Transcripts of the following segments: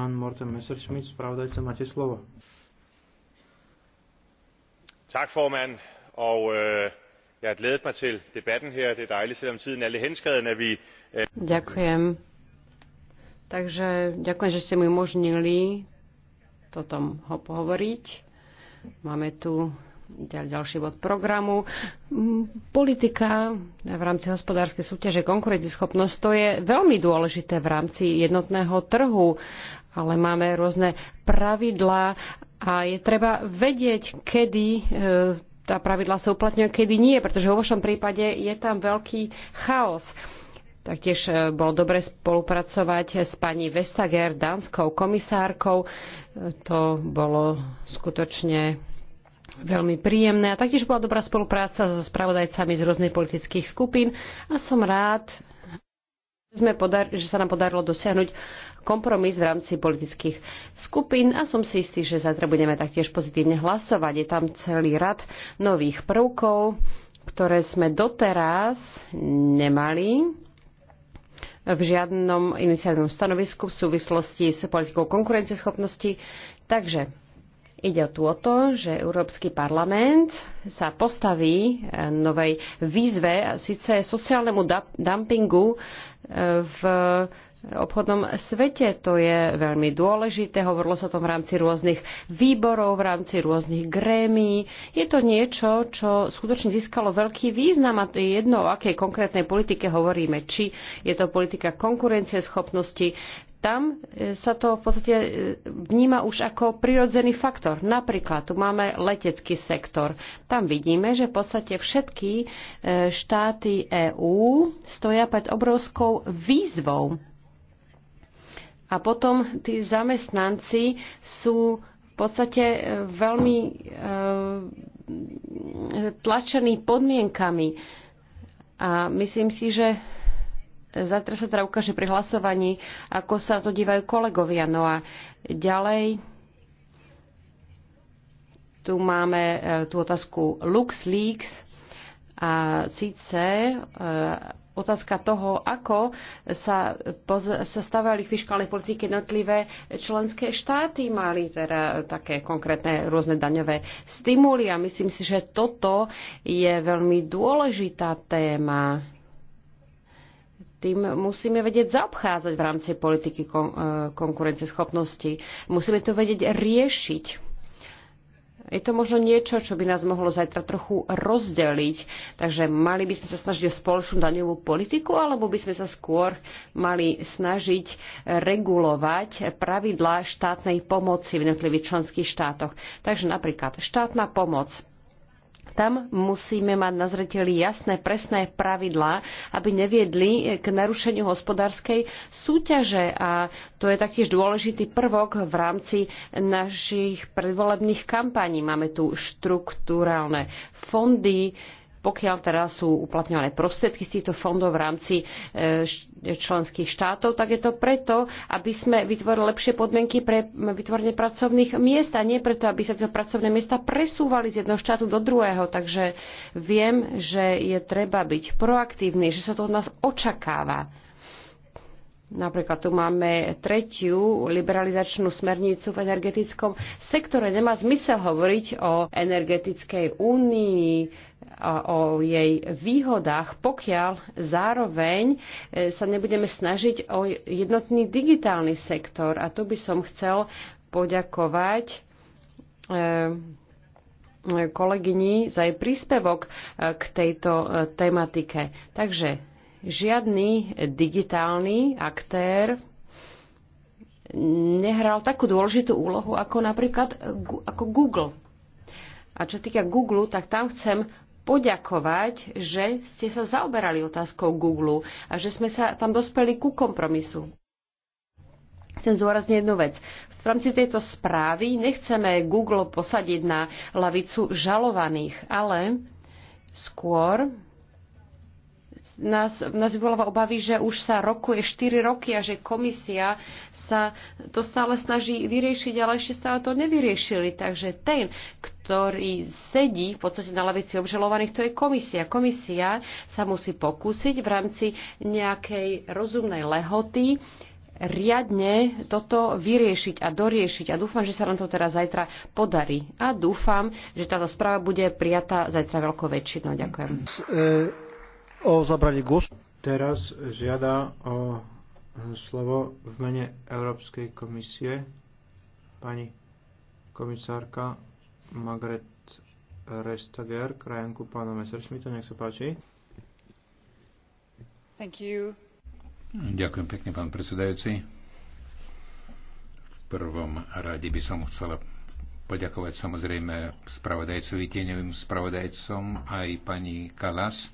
Pán Morten Messerschmidt, spravodajca, máte slovo. Tak, formand, og øh, jeg har glædet mig til debatten her. Det er dejligt, selvom tiden er lidt henskreven, at vi... Øh... Ďakujem. Takže ďakujem, že ste mi umožnili toto pohovoriť. Máme tu ďalší bod programu. Mm, politika v rámci hospodárskej súťaže konkurencieschopnosť to je veľmi dôležité v rámci jednotného trhu, ale máme rôzne pravidlá a je treba vedieť, kedy e, tá pravidla sa uplatňuje, kedy nie, pretože vo vašom prípade je tam veľký chaos. Taktiež e, bolo dobre spolupracovať s pani Vestager, dánskou komisárkou. E, to bolo skutočne veľmi príjemné a taktiež bola dobrá spolupráca so spravodajcami z rôznych politických skupín a som rád, že, sme podar- že sa nám podarilo dosiahnuť kompromis v rámci politických skupín a som si istý, že zajtra budeme taktiež pozitívne hlasovať. Je tam celý rad nových prvkov, ktoré sme doteraz nemali v žiadnom iniciálnom stanovisku v súvislosti s politikou konkurencieschopnosti. Takže Ide o to, že Európsky parlament sa postaví e, novej výzve, síce sociálnemu dumpingu e, v obchodnom svete. To je veľmi dôležité. Hovorilo sa o tom v rámci rôznych výborov, v rámci rôznych grémií. Je to niečo, čo skutočne získalo veľký význam a to je jedno, o akej konkrétnej politike hovoríme. Či je to politika schopnosti, tam e, sa to v podstate e, vníma už ako prirodzený faktor. Napríklad tu máme letecký sektor. Tam vidíme, že v podstate všetky e, štáty EÚ stoja pred obrovskou výzvou a potom tí zamestnanci sú v podstate e, veľmi e, tlačení podmienkami. A myslím si, že zatra sa teda ukáže pri hlasovaní, ako sa to dívajú kolegovia. No a ďalej tu máme e, tú otázku LuxLeaks a síce e, otázka toho, ako sa, sa stavali k fiskálnej politike jednotlivé členské štáty, mali teda také konkrétne rôzne daňové stimuly a myslím si, že toto je veľmi dôležitá téma. Tým musíme vedieť zaobchádzať v rámci politiky kon- e, konkurenceschopnosti. Musíme to vedieť riešiť je to možno niečo, čo by nás mohlo zajtra trochu rozdeliť. Takže mali by sme sa snažiť o spoločnú daňovú politiku, alebo by sme sa skôr mali snažiť regulovať pravidlá štátnej pomoci v jednotlivých členských štátoch. Takže napríklad štátna pomoc tam musíme mať na zreteli jasné, presné pravidlá, aby neviedli k narušeniu hospodárskej súťaže. A to je taktiež dôležitý prvok v rámci našich predvolebných kampaní. Máme tu štrukturálne fondy, pokiaľ teraz sú uplatňované prostriedky z týchto fondov v rámci e, členských štátov, tak je to preto, aby sme vytvorili lepšie podmienky pre vytvorenie pracovných miest a nie preto, aby sa tieto pracovné miesta presúvali z jedného štátu do druhého. Takže viem, že je treba byť proaktívny, že sa to od nás očakáva. Napríklad tu máme tretiu liberalizačnú smernicu v energetickom sektore. Nemá zmysel hovoriť o energetickej únii, o jej výhodách, pokiaľ zároveň e, sa nebudeme snažiť o jednotný digitálny sektor. A tu by som chcel poďakovať e, e, kolegyni za jej príspevok k tejto tematike. Takže žiadny digitálny aktér nehral takú dôležitú úlohu ako napríklad ako Google. A čo týka Google, tak tam chcem poďakovať, že ste sa zaoberali otázkou Google a že sme sa tam dospeli ku kompromisu. Chcem zdôrazniť jednu vec. V rámci tejto správy nechceme Google posadiť na lavicu žalovaných, ale skôr nás, nás vyvoláva obavy, že už sa rokuje 4 roky a že komisia sa to stále snaží vyriešiť, ale ešte stále to nevyriešili. Takže ten, ktorý sedí v podstate na lavici obžalovaných, to je komisia. Komisia sa musí pokúsiť v rámci nejakej rozumnej lehoty riadne toto vyriešiť a doriešiť. A dúfam, že sa nám to teraz zajtra podarí. A dúfam, že táto správa bude prijatá zajtra veľkou väčšinou. Ďakujem. E, o zabranie głosu. Teraz žiada o slovo v mene Európskej komisie pani komisárka Margaret Restager, krajanku pána Messerschmitta, nech sa páči. Thank you. Ďakujem pekne, pán predsedajúci. V prvom rade by som chcela poďakovať samozrejme spravodajcovi, tieňovým spravodajcom aj pani Kalas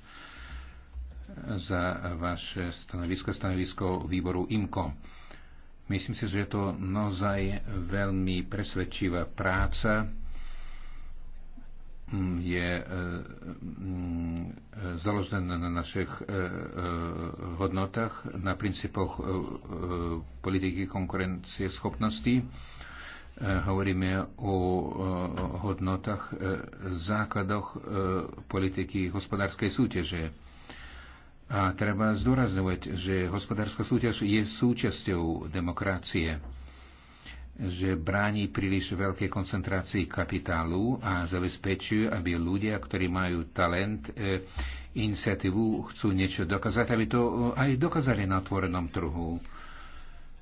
za vaše stanovisko, stanovisko výboru IMKO. Myslím si, že je to naozaj veľmi presvedčivá práca. Je e, založená na našich e, e, hodnotách, na princípoch politiky konkurencie schopností. Hovoríme o hodnotách, základoch politiky hospodárskej súťaže a treba zdôrazňovať, že hospodárska súťaž je súčasťou demokracie, že bráni príliš veľké koncentrácii kapitálu a zabezpečuje, aby ľudia, ktorí majú talent, e, iniciatívu, chcú niečo dokázať, aby to e, aj dokázali na otvorenom trhu.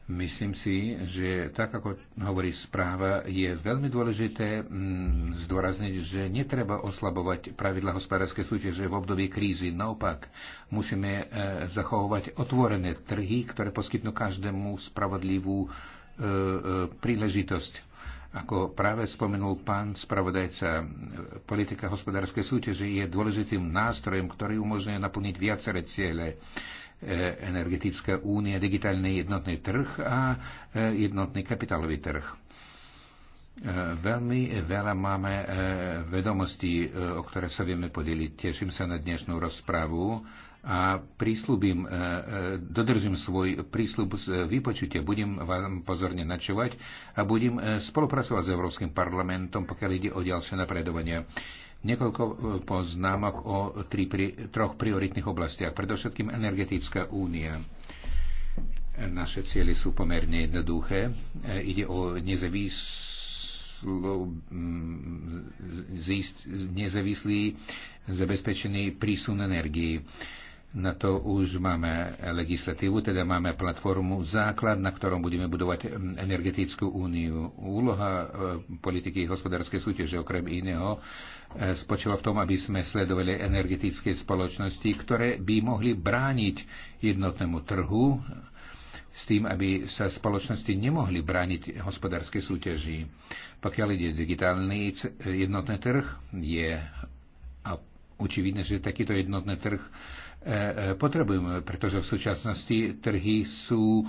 Myslím si, že tak, ako hovorí správa, je veľmi dôležité mm, zdôrazniť, že netreba oslabovať pravidla hospodárskej súťaže v období krízy. Naopak, musíme e, zachovať otvorené trhy, ktoré poskytnú každému spravodlivú e, e, príležitosť. Ako práve spomenul pán spravodajca, politika hospodárskej súťaže je dôležitým nástrojem, ktorý umožňuje naplniť viaceré ciele. E, energetická únia, digitálny jednotný trh a e, jednotný kapitálový trh. E, veľmi veľa máme vedomostí, o ktoré sa vieme podeliť. Teším sa na dnešnú rozpravu a prísľubím, dodržím svoj prísľub z vypočutia. Budem vám pozorne načovať a budem spolupracovať s Európskym parlamentom, pokiaľ ide o ďalšie napredovanie. Niekoľko e, poznámok o tri, pri, troch prioritných oblastiach. Predovšetkým energetická únia. Naše cieľe sú pomerne jednoduché. E, ide o mm, nezávislý zabezpečený prísun energii. Na to už máme legislatívu, teda máme platformu základ, na ktorom budeme budovať mm, energetickú úniu. Úloha e, politiky hospodárskej súťaže okrem iného E, spočíva v tom, aby sme sledovali energetické spoločnosti, ktoré by mohli brániť jednotnému trhu s tým, aby sa spoločnosti nemohli brániť hospodárskej súťaži. Pokiaľ ide digitálny jednotný trh, je a učividne, že takýto jednotný trh e, e, potrebujeme, pretože v súčasnosti trhy sú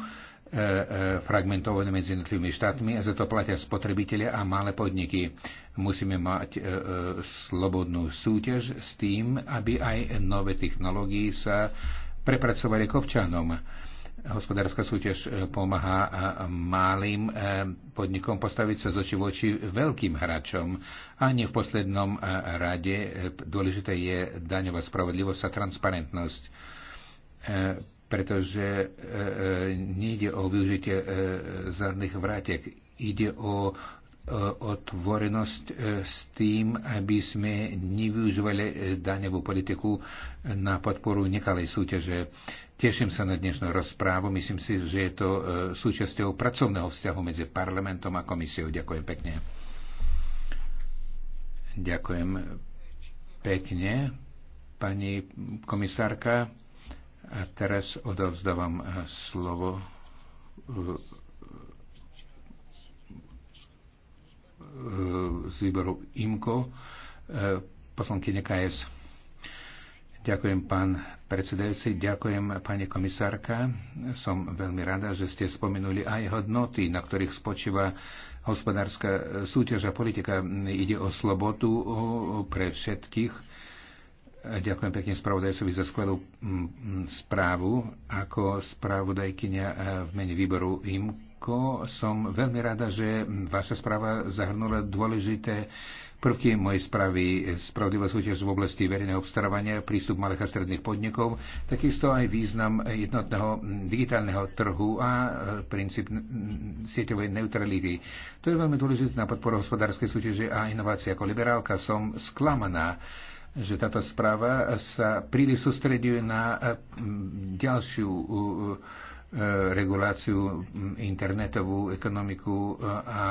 E, e, fragmentované medzi jednotlivými štátmi a za to platia spotrebitelia a malé podniky. Musíme mať e, e slobodnú súťaž s tým, aby aj nové technológie sa prepracovali k občanom. Hospodárska súťaž pomáha malým podnikom postaviť sa z oči voči veľkým hráčom. A nie v poslednom rade dôležité je daňová spravodlivosť a transparentnosť pretože e, e, nejde o využitie e, zadných vrátek, ide o otvorenosť s tým, aby sme nevyužívali daňovú politiku na podporu nekalej súťaže. Teším sa na dnešnú rozprávu. Myslím si, že je to súčasťou pracovného vzťahu medzi parlamentom a komisiou. Ďakujem pekne. Ďakujem pekne, pani komisárka. A teraz odovzdávam eh, slovo eh, z výboru IMKO, eh, poslankyne KS. Ďakujem, pán predsedajúci, ďakujem, pani komisárka. Som veľmi rada, že ste spomenuli aj hodnoty, na ktorých spočíva hospodárska súťaž a politika. Ide o slobodu pre všetkých Ďakujem pekne spravodajcovi za skvelú mm, mm, správu. Ako spravodajkynia eh, v mene výboru IMKO som veľmi rada, že vaša správa zahrnula dôležité prvky mojej správy, spravodlivá súťaž v oblasti verejného obstarávania, prístup malých a stredných podnikov, takisto aj význam jednotného mm, digitálneho trhu a eh, princíp sieťovej neutrality. To je veľmi dôležité na podporu hospodárskej súťaže a inovácie. Ako liberálka som sklamaná že táto správa sa príliš sústreduje na e, ďalšiu e, reguláciu internetovú ekonomiku e, a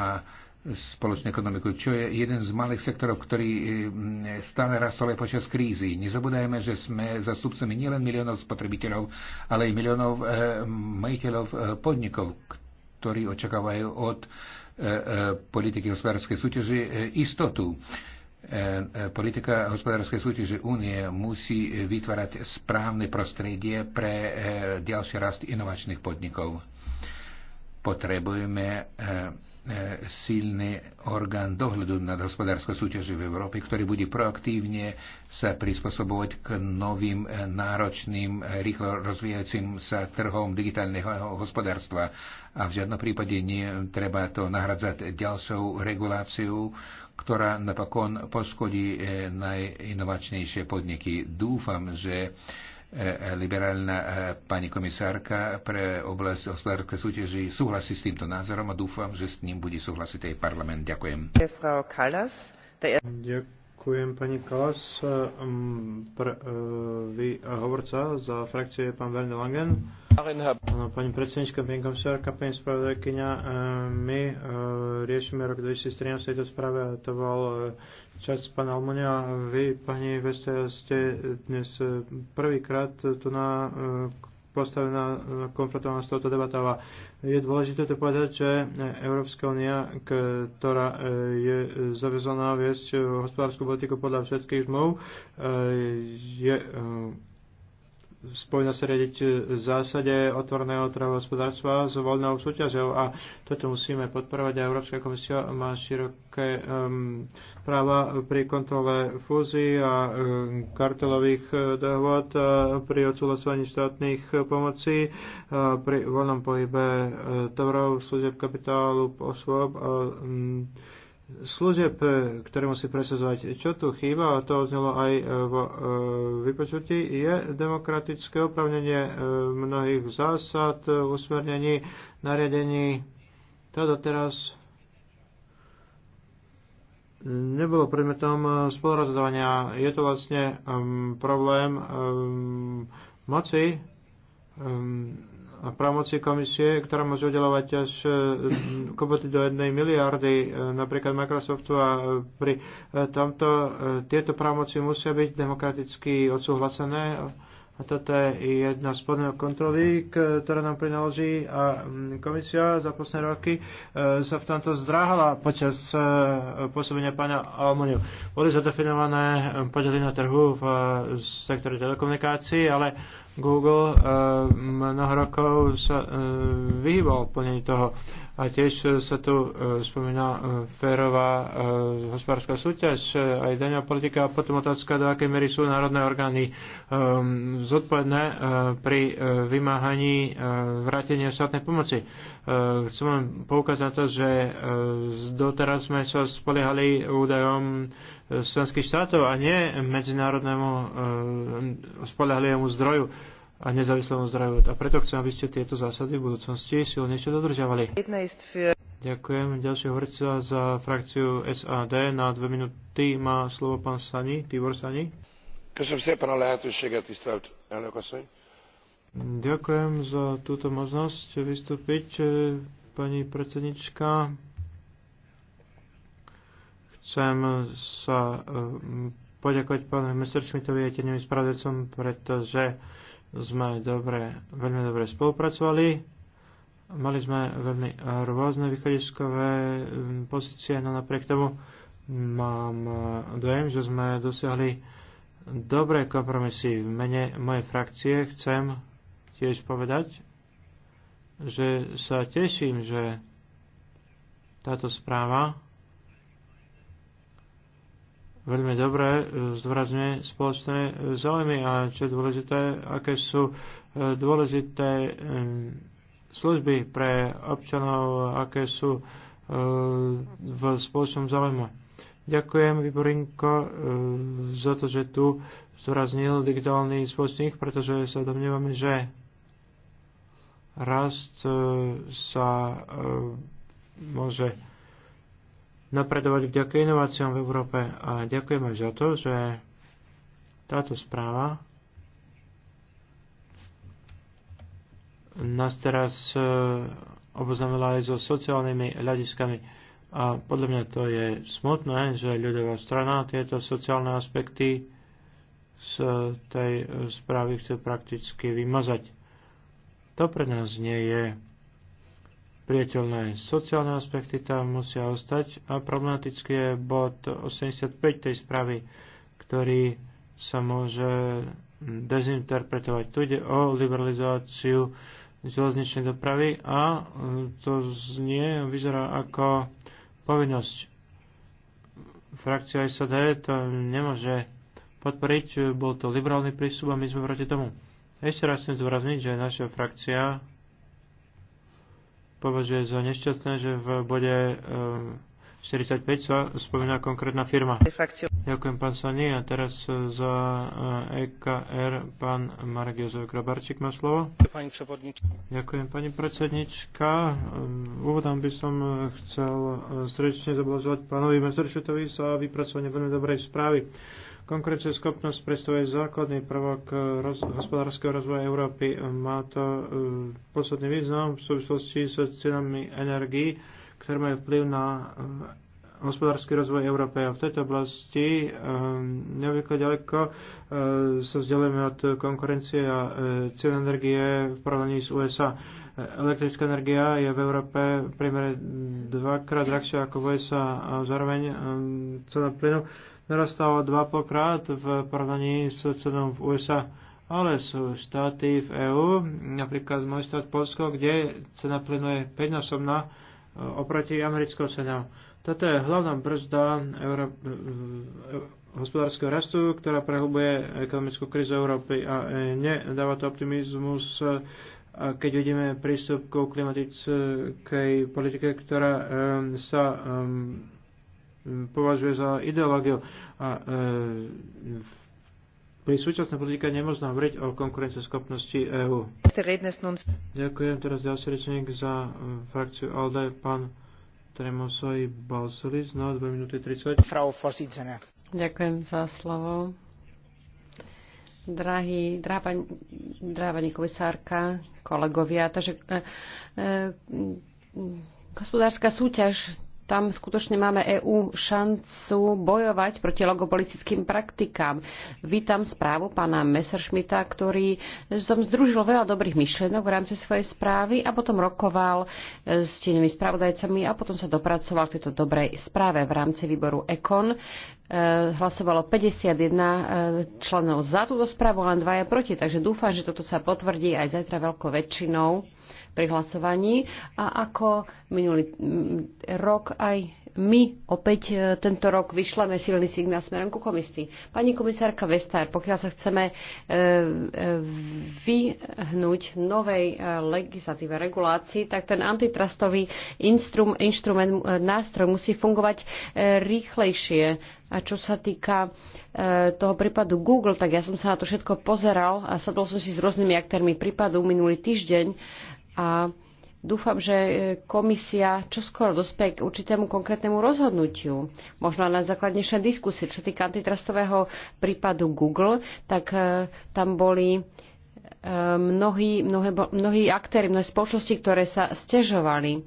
spoločnú ekonomiku, čo je jeden z malých sektorov, ktorý stále rastol aj počas krízy. Nezabúdajme, že sme zastupcami nielen miliónov spotrebiteľov, ale aj miliónov majiteľov podnikov, ktorí očakávajú od politiky hospodárskej súťaže istotu. E, e, politika hospodárskej súťaže únie musí vytvárať správne prostredie pre e, ďalší rast inovačných podnikov. Potrebujeme silný orgán dohľadu nad hospodárskou súťažou v Európe, ktorý bude proaktívne sa prispôsobovať k novým náročným, rýchlo rozvíjajúcim sa trhom digitálneho hospodárstva. A v žiadnom prípade nie treba to nahradzať ďalšou reguláciou, ktorá napokon poškodí e, najinovačnejšie podniky. Dúfam, že e, liberálna e, pani komisárka pre oblasť hospodárske súťaži súhlasí s týmto názorom a dúfam, že s ním bude súhlasiť aj parlament. Ďakujem. Ďakujem. Ďakujem pani Kalas. Ehm, pr, uh, e, vy uh, hovorca za frakcie je pán Werner Langen. Áno, pani predsednička, pani komisárka, pani spravodajkyňa, e, my riešime rok 2013 v tejto správe a to bol čas pána Almonia. Vy, pani Vestia, ste dnes prvýkrát tu na postavená, konfrontovaná s touto debatou. A je dôležité to povedať, že Európska únia, ktorá e, je zavezaná viesť hospodárskú politiku podľa všetkých zmov, e, je e, spojna sa riadiť v zásade otvorného trhu hospodárstva s voľnou súťažou a toto musíme podporovať a Európska komisia má široké um, práva pri kontrole fúzií a um, kartelových e, dohôd, e, pri odsúhlasovaní štátnych pomocí, e, pri voľnom pohybe tovarov, služieb kapitálu, osôb. A, um, služeb, e, ktoré musí presadzovať. Čo tu chýba, a to odznelo aj e, v e, vypočutí, je demokratické opravnenie mnohých zásad, usmernení, nariadení. To doteraz nebolo predmetom spolurozhodovania. Je to vlastne um, problém um, moci um, právomoci komisie, ktorá môže udelovať až e, koboty do jednej miliardy, e, napríklad Microsoftu a e, pri tomto tieto právomoci musia byť demokraticky odsúhlasené a toto je jedna z podmienok kontroly, ktorá nám prináloží a mm, komisia za posledné roky sa v tomto zdráhala počas pôsobenia pána Almoniu. Boli zadefinované podely na trhu v sektore telekomunikácií, ale Google eh, mnoho rokov sa eh, vyhýbal plnení toho. A tiež sa tu eh, spomína férová hospodárska súťaž, aj daňová politika a potom otázka, do akej miery sú národné orgány ehm, zodpovedné pri vymáhaní vrátenia štátnej pomoci. Chcem len poukázať na to, že doteraz sme sa spoliehali údajom členských štátov a nie medzinárodnému e, spolahlivému zdroju a nezávislému zdroju. A preto chcem, aby ste tieto zásady v budúcnosti silnejšie dodržiavali. Ďakujem. Ďalšie hovorca za frakciu SAD na dve minúty má slovo pán Sani, Tibor Sani. Ďakujem za túto možnosť vystúpiť, e, pani predsednička. Chcem sa eh, poďakovať pánovi Messerschmittovi a tenevým spravodajcom, pretože sme dobre, veľmi dobre spolupracovali. Mali sme veľmi rôzne východiskové hm, pozície, no napriek tomu mám eh, dojem, že sme dosiahli dobré kompromisy. V mene mojej frakcie chcem tiež povedať, že sa teším, že táto správa veľmi dobre zdôrazňuje spoločné e, záujmy a čo je dôležité, aké sú e, dôležité e, služby pre občanov, aké sú v spoločnom záujmu. Ďakujem Vyborinko za to, že tu zdôraznil digitálny spoločník, pretože sa domnievame, že rast sa môže napredovať vďaka inováciám v Európe. A ďakujem aj za to, že táto správa nás teraz e, oboznámila aj so sociálnymi hľadiskami. A podľa mňa to je smutné, že ľudová strana tieto sociálne aspekty z tej e, správy chce prakticky vymazať. To pre nás nie je priateľné sociálne aspekty tam musia ostať a problematický je bod 85 tej správy, ktorý sa môže dezinterpretovať. Tu ide o liberalizáciu železničnej dopravy a to znie, vyzerá ako povinnosť. Frakcia SAD to nemôže podporiť, bol to liberálny prístup a my sme proti tomu. Ešte raz chcem zdôrazniť, že naša frakcia považuje za nešťastné, že v bode 45 ehm, sa spomína konkrétna firma. Ďakujem pán Sani a teraz za EKR ehm, e pán Marek Jozef Grabarčík má slovo. Ďakujem pani predsednička. Ehm, úvodom by som chcel srdečne zablažovať pánovi Messerschmittovi za vypracovanie veľmi dobrej správy schopnosť predstavuje základný prvok eh, roz, hospodárskeho rozvoja Európy. Má to uh, posledný význam v súvislosti s cenami energií, ktoré majú vplyv na uh, hospodársky rozvoj Európy a v tejto oblasti uh, neobvykle ďaleko uh, sa vzdelujeme od konkurencie a uh, cien energie v porovnaní s USA. Elektrická energia je v Európe priemere dvakrát drahšia ako v USA a zároveň um, cena plynu narastalo dva pokrát v porovnaní s cenou v USA. Ale sú štáty v EÚ, napríklad môj štát Polsko, kde cena plynu je 5-násobná e, oproti americkou cenou. Toto je hlavná brzda euro, e, e, hospodárskeho rastu, ktorá prehlbuje ekonomickú krizu Európy a nedáva to optimizmus keď vidíme prístup ku klimatickej politike, ktorá sa považuje za ideológiu. A, e, pri súčasnej politike nemôžno hovoriť o konkurenceschopnosti EÚ. Ďakujem teraz ďalší rečník za e, frakciu ALDE, pán Tremosoj Balsulis na no, 2 minúty 30. Frau Vorsitzende. Ďakujem za slovo. Drahý, drahá pani komisárka, kolegovia, takže e, e, hospodárska súťaž tam skutočne máme EÚ šancu bojovať proti logopolitickým praktikám. Vítam správu pána Messerschmitta, ktorý som združil veľa dobrých myšlienok v rámci svojej správy a potom rokoval s tieňovými spravodajcami a potom sa dopracoval k tejto dobrej správe v rámci výboru EKON. E, hlasovalo 51 e, členov za túto správu, len dvaja proti, takže dúfam, že toto sa potvrdí aj zajtra veľkou väčšinou pri hlasovaní. A ako minulý mm, rok aj my opäť e, tento rok vyšleme silný signál smerom ku komisii. Pani komisárka Vestár, pokiaľ sa chceme e, e, vyhnúť novej legislatíve regulácii, tak ten antitrustový instrum, instrument, nástroj musí fungovať rýchlejšie. A čo sa týka toho prípadu Google, tak ja som sa na to všetko pozeral a sadol som si s rôznymi aktérmi prípadu minulý týždeň a dúfam, že e, komisia čoskoro dospie k určitému konkrétnemu rozhodnutiu. Možno na základnejšej diskusie. Čo sa týka antitrustového prípadu Google, tak e, tam boli e, mnohí, mnohé, mnohí aktéry, mnohé spoločnosti, ktoré sa stežovali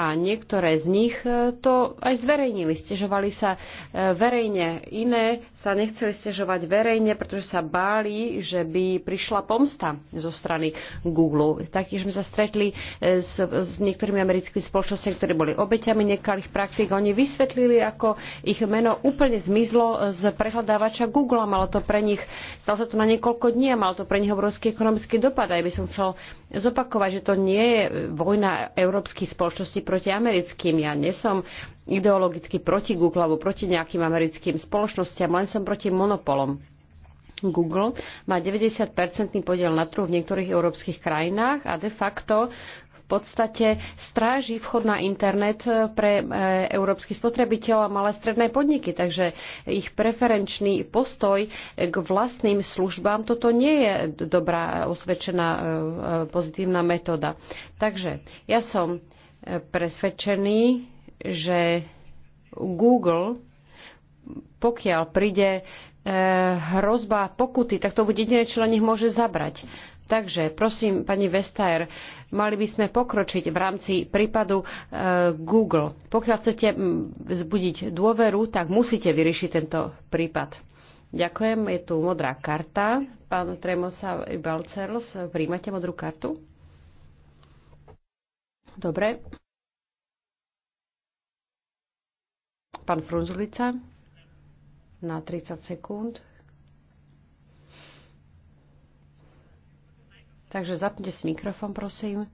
a niektoré z nich e, to aj zverejnili. Stežovali sa e, verejne, iné sa nechceli stežovať verejne, pretože sa báli, že by prišla pomsta zo strany Google. Taktiež sme sa stretli e, s, s niektorými americkými spoločnosťami, ktoré boli obeťami nekalých praktík. Oni vysvetlili, ako ich meno úplne zmizlo z prehľadávača Google. Malo to pre nich, stalo sa to na niekoľko dní a malo to pre nich obrovský ekonomický dopad. Aj by som chcel zopakovať, že to nie je vojna európskych spoločností proti americkým. Ja nesom ideologicky proti Google alebo proti nejakým americkým spoločnostiam, len som proti monopolom. Google má 90-percentný podiel na trhu v niektorých európskych krajinách a de facto v podstate stráži vchod na internet pre e, európsky spotrebiteľov a malé stredné podniky. Takže ich preferenčný postoj k vlastným službám, toto nie je dobrá, osvedčená e, e, pozitívna metóda. Takže ja som presvedčený, že Google, pokiaľ príde e, hrozba pokuty, tak to bude jediné, čo na nich môže zabrať. Takže prosím, pani Vestager, mali by sme pokročiť v rámci prípadu e, Google. Pokiaľ chcete zbudiť dôveru, tak musíte vyriešiť tento prípad. Ďakujem, je tu modrá karta. Pán Tremosa Balcerls, príjmate modrú kartu? Dobre. Pán Frunzulica na 30 sekúnd. Takže zapnite si mikrofón, prosím.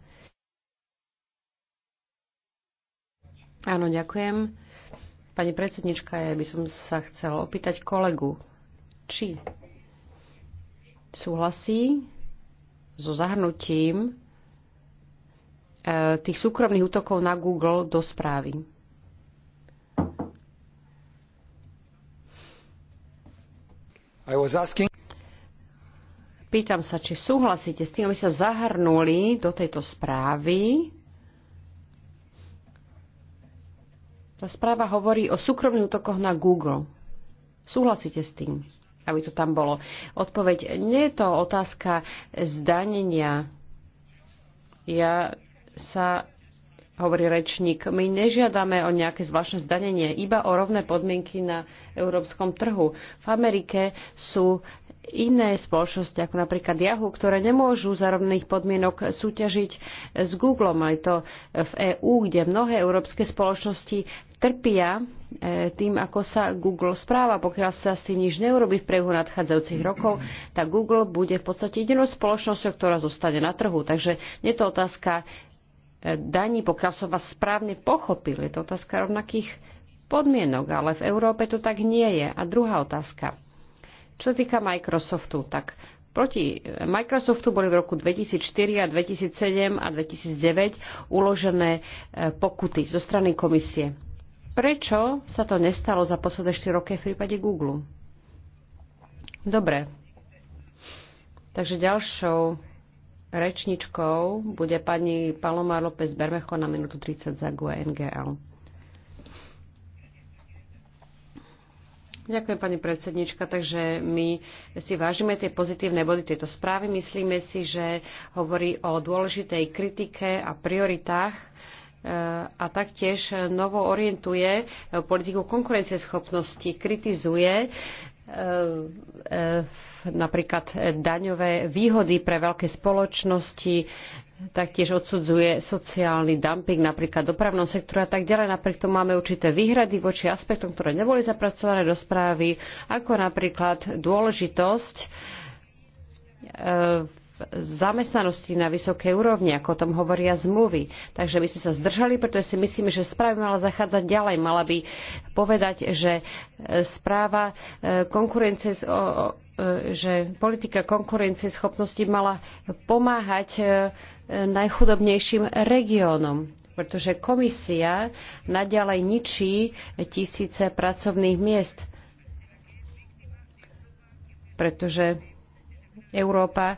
Áno, ďakujem. Pani predsednička, ja by som sa chcela opýtať kolegu, či súhlasí so zahrnutím Eh, tých súkromných útokov na Google do správy. I was asking... Pýtam sa, či súhlasíte s tým, aby sa zahrnuli do tejto správy. Tá správa hovorí o súkromných útokoch na Google. Súhlasíte s tým, aby to tam bolo? Odpoveď, nie je to otázka zdanenia. Ja sa hovorí rečník, my nežiadame o nejaké zvláštne zdanenie, iba o rovné podmienky na európskom trhu. V Amerike sú iné spoločnosti, ako napríklad Yahoo, ktoré nemôžu za rovných podmienok súťažiť s Google, Aj to v EÚ, kde mnohé európske spoločnosti trpia e, tým, ako sa Google správa. Pokiaľ sa s tým nič neurobi v priehu nadchádzajúcich rokov, tak Google bude v podstate jedinou spoločnosťou, ktorá zostane na trhu. Takže je to otázka daní, pokiaľ som vás správne pochopil. Je to otázka rovnakých podmienok, ale v Európe to tak nie je. A druhá otázka. Čo týka Microsoftu, tak proti Microsoftu boli v roku 2004 a 2007 a 2009 uložené e, pokuty zo strany komisie. Prečo sa to nestalo za posledné 4 roky v prípade Google? Dobre. Takže ďalšou Rečničkou bude pani Paloma López Bermecho na minútu 30 za GUE NGL. Ďakujem, pani predsednička. Takže my si vážime tie pozitívne body tejto správy. Myslíme si, že hovorí o dôležitej kritike a prioritách eh, a taktiež novo orientuje politiku konkurencieschopnosti, kritizuje E, e, napríklad daňové výhody pre veľké spoločnosti, taktiež odsudzuje sociálny dumping napríklad v dopravnom sektore a tak ďalej. Napriek tomu máme určité výhrady voči aspektom, ktoré neboli zapracované do správy, ako napríklad dôležitosť e, zamestnanosti na vysokej úrovni, ako o tom hovoria zmluvy. Takže my sme sa zdržali, pretože si myslíme, že správa mala zachádzať ďalej. Mala by povedať, že e, správa e, konkurencie e, že politika konkurencie schopnosti mala pomáhať najchudobnejším regiónom pretože komisia naďalej ničí tisíce pracovných miest, pretože Európa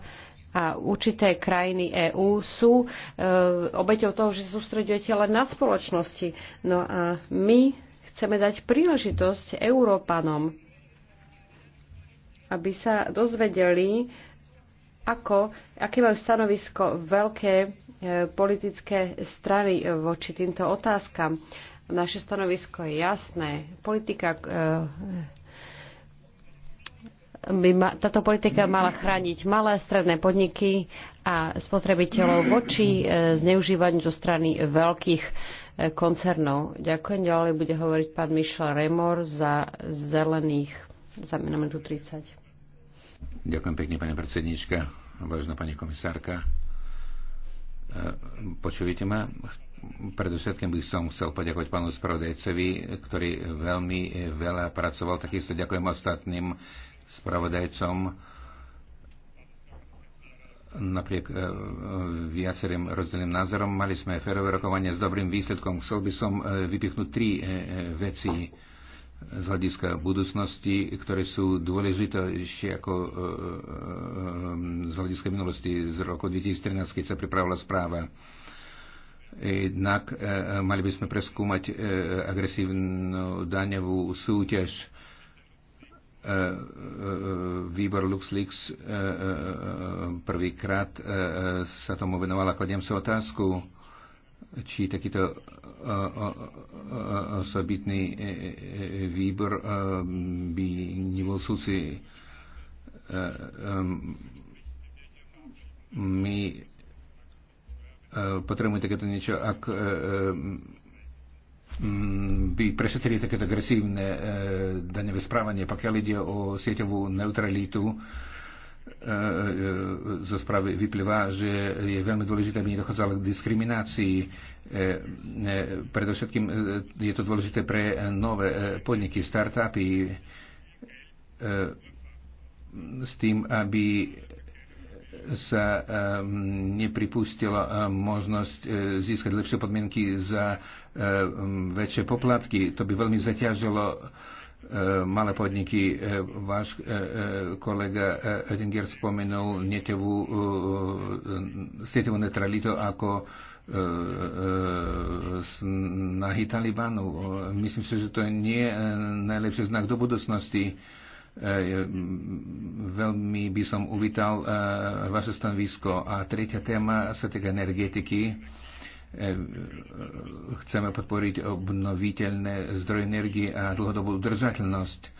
a určité krajiny EÚ sú e, obeťou toho, že sústredujete len na spoločnosti. No a my chceme dať príležitosť Európanom, aby sa dozvedeli, ako, aké majú stanovisko veľké e, politické strany voči týmto otázkam. Naše stanovisko je jasné. Politika e, by ma, táto politika mala chrániť malé stredné podniky a spotrebiteľov voči e, zneužívaniu zo strany veľkých e, koncernov. Ďakujem. Ďalej bude hovoriť pán Michel Remor za zelených za minútu 30. Ďakujem pekne, pani predsednička, vážená pani komisárka. E, počujete ma? Predovšetkým by som chcel poďakovať pánu spravodajcovi, ktorý veľmi veľa pracoval. Takisto ďakujem ostatným spravodajcom napriek e, e, viacerým rozdielným názorom. Mali sme férové rokovanie s dobrým výsledkom. Chcel by som e, vypichnúť tri veci z hľadiska budúcnosti, ktoré sú dôležitejšie ako z hľadiska minulosti z roku 2013, keď sa pripravila správa. Jednak mali by sme preskúmať agresívnu daňovú súťaž E, e, výbor LuxLeaks e, prvýkrát sa tomu venoval a Kladiem sa otázku, či takýto osobitný výbor by nebol súci. My potrebujeme takéto niečo, ak Mm, by prešetrili takéto agresívne e, daňové správanie, pokiaľ ide o sieťovú neutralitu. E, e, zo správy vyplýva, že je veľmi dôležité, aby nedochádzalo k diskriminácii. E, predovšetkým je to dôležité pre nové podniky, startupy, s tým, aby sa ehm, nepripustila ehm, možnosť e, získať lepšie podmienky za ehm, väčšie poplatky. To by veľmi zaťažilo e, malé podniky. E, váš kolega Ettinger spomenul netevú, sieťovú neutralitu ako snahy Talibanu. Myslím si, že to nie je najlepší znak do budúcnosti Eh, mm, veľmi by som uvítal eh, vaše stanovisko. A tretia téma sa týka energetiky. Eh, chceme podporiť obnoviteľné zdroje energie a dlhodobú udržateľnosť.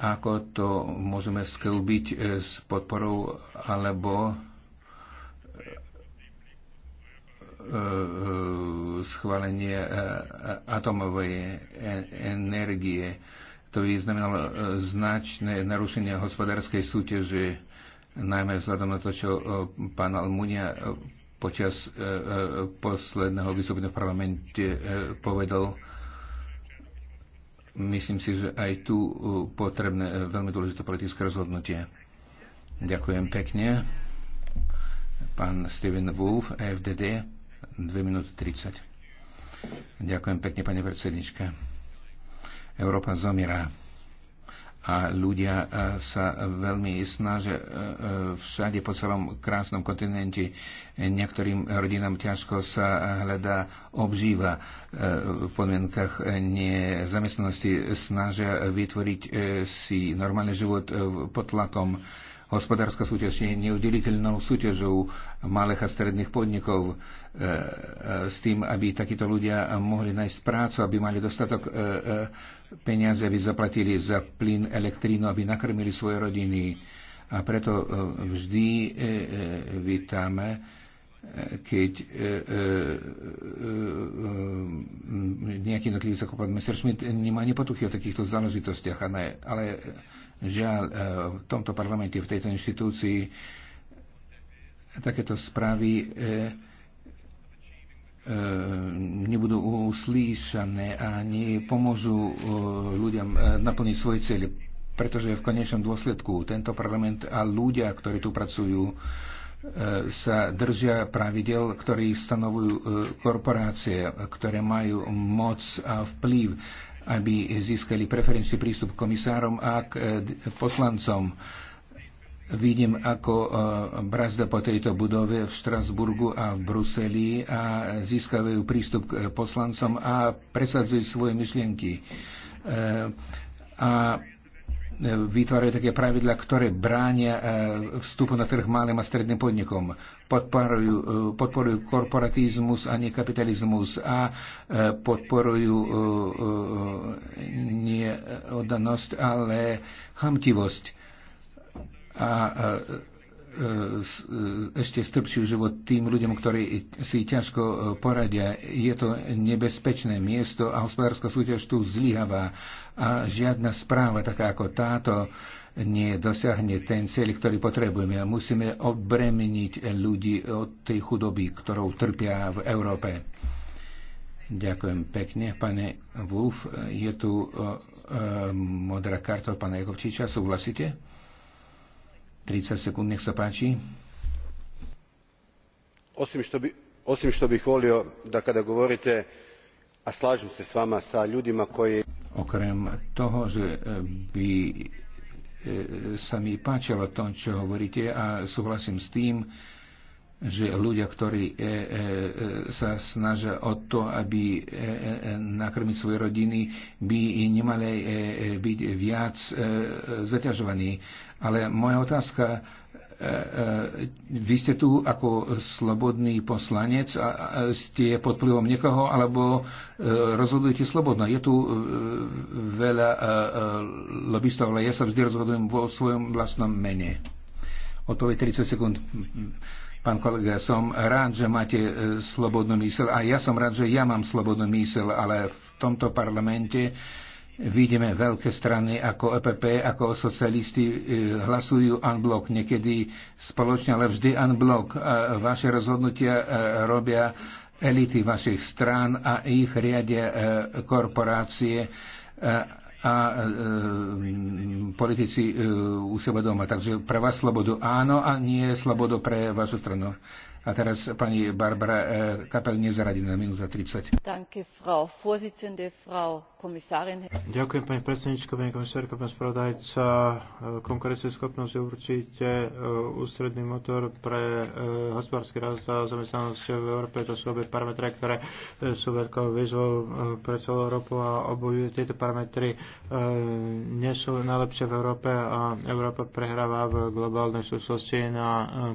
Ako to môžeme sklbiť s podporou alebo schválenie atomovej e-, energie by znamenalo e, značné narušenie hospodárskej súťaže, najmä vzhľadom na to, čo e, pán Almunia e, počas posledného vystúpenia v parlamente povedal. Myslím si, že aj tu potrebné veľmi dôležité politické rozhodnutie. Ďakujem pekne. Pán Steven Wolf, FDD, 2 minúty 30. Ďakujem pekne, pani predsednička. Európa zomiera a ľudia e, sa veľmi snažia e, e, všade po celom krásnom kontinente. Niektorým rodinám ťažko sa hľadá obžíva v podmienkach nezamestnanosti. Snažia vytvoriť si normálny život pod tlakom Hospodárska súťaž je neudeliteľnou súťažou malých a stredných podnikov e, e, s tým, aby takíto ľudia mohli nájsť prácu, aby mali dostatok e, peniazy, aby zaplatili za plyn, elektrínu, aby nakrmili svoje rodiny. A preto vždy vítame keď e, e, e, nejaký jednotlivý zakopat Schmidt nemá nepotuchy o takýchto záležitostiach, ale, ale Žiaľ, e, v tomto parlamente, v tejto inštitúcii takéto správy e, e, nebudú uslíšané a nepomôžu ľuďom naplniť svoje cieľe, pretože v konečnom dôsledku tento parlament a ľudia, ktorí tu pracujú, sa držia pravidel, ktorí stanovujú korporácie, ktoré majú moc a vplyv aby získali preferenčný prístup k komisárom a k e, poslancom. Vidím, ako e, brazda po tejto budove v Štrasburgu a v Bruseli a získajú prístup k e, poslancom a presadzujú svoje myšlienky. A vytvárajú také pravidla, ktoré bránia e, vstupu na trh malým a stredným podnikom. Podporujú, e, podporujú korporatizmus a nekapitalizmus a e, podporujú nie oddanosť, ale chamtivosť. A E, ešte strpšiu život tým ľuďom, ktorí si ťažko e, poradia. Je to nebezpečné miesto a hospodárska súťaž tu zlyháva a žiadna správa taká ako táto nedosiahne ten cieľ, ktorý potrebujeme. Musíme obremeniť ľudí od tej chudoby, ktorou trpia v Európe. Ďakujem pekne. Pane Wolf, je tu e, modrá karta od pána Jakovčiča. Súhlasíte? 30 sekúnd, nech sa páči. Osim što, bi, osim što bih volio da kada govorite, a slažem se s vama, sa ljudima koji... Okrem toho, že e, by e, sa mi páčilo to, čo hovoríte a súhlasím s tým, že ľudia, ktorí e, e, e, sa snažia o to, aby nakrmiť svoje rodiny, by nemali byť viac zaťažovaní. Ale moja otázka, vy ste tu ako slobodný poslanec a ste pod vplyvom niekoho, alebo rozhodujete slobodno. Je tu veľa lobbystov, ale ja sa vždy rozhodujem vo svojom vlastnom mene. Odpoveď 30 sekúnd. Pán kolega, som rád, že máte e, slobodnú mysel a ja som rád, že ja mám slobodnú mysel, ale v tomto parlamente vidíme veľké strany ako EPP, ako socialisti e, hlasujú unblock, niekedy spoločne, ale vždy unblock. Vaše rozhodnutia e, robia elity vašich strán a ich riadia korporácie a e, politici e, u seba doma. Takže pre vás slobodu áno a nie slobodu pre vašu stranu. A teraz pani Barbara e, Kapel na minúta 30. Danke, Frau Vorsitzende, Frau komisárin. Ďakujem pani predsedničko, pani komisárka, pán spravodajca. Konkurencieschopnosť je určite e, ústredný motor pre e, hospodársky rast a zamestnanosť v Európe. To sú obe parametre, ktoré e, sú veľkou výzvou pre celú Európu a obojú tieto parametry nie sú najlepšie v Európe a Európa prehráva v globálnej súvislosti na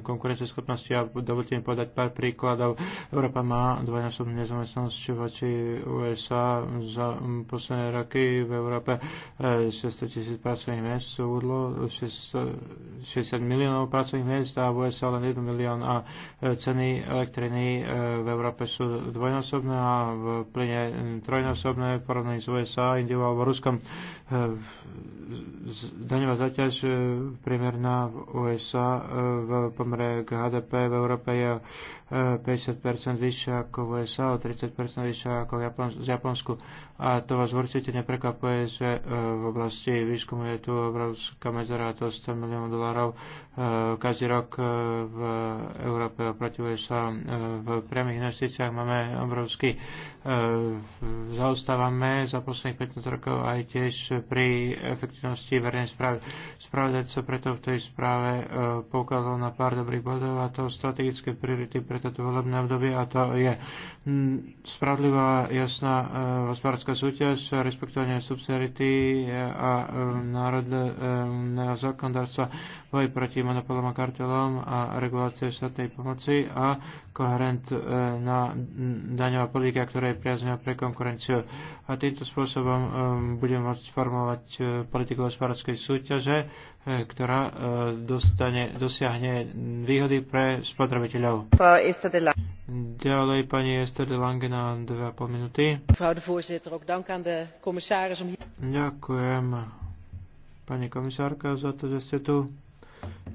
konkurencieschopnosti. A dovolte mi povedať pár príkladov. Európa má dvojnásobnú nezamestnanosť voči USA za posledné roky v Európe 600 e, tisíc pracovných miest sú udlo, 600, 60 miliónov pracovných miest a v USA len 1 milión a e, ceny elektriny e, v Európe sú dvojnásobné a v plyne trojnásobné v porovnaní s USA, Indiou alebo Ruskom daňová zaťaž e, priemerná v USA e, v pomere k HDP v Európe je 50% e, vyššia ako v USA, o 30% vyššia ako v Japons- Japonsku. A to vás určite neprekvapuje, že v oblasti výskumu je tu obrovská medzera, to 100 miliónov dolárov každý rok v Európe oproti USA. V priamých investíciách máme obrovský zaostávame za posledných 15 rokov aj tiež pri efektivnosti činnosti verejnej správy. Spravodajca preto v tej správe e, poukázal na pár dobrých bodov a to strategické priority pre toto volebné obdobie a to je spravodlivá, jasná e, hospodárska súťaž, respektovanie subsidiarity e, a národného zákonodárstva boj proti monopolom a kartelom a regulácie štátnej pomoci a koherent na daňová politika, ktorá je priaznená pre konkurenciu. A týmto spôsobom budem môcť formovať politiku politiku hospodárskej súťaže, e, ktorá e, dostane, dosiahne výhody pre spotrebiteľov. Ďalej pani Esther de Lange na 2,5 minúty. Ďakujem pani komisárka za to, že ste tu.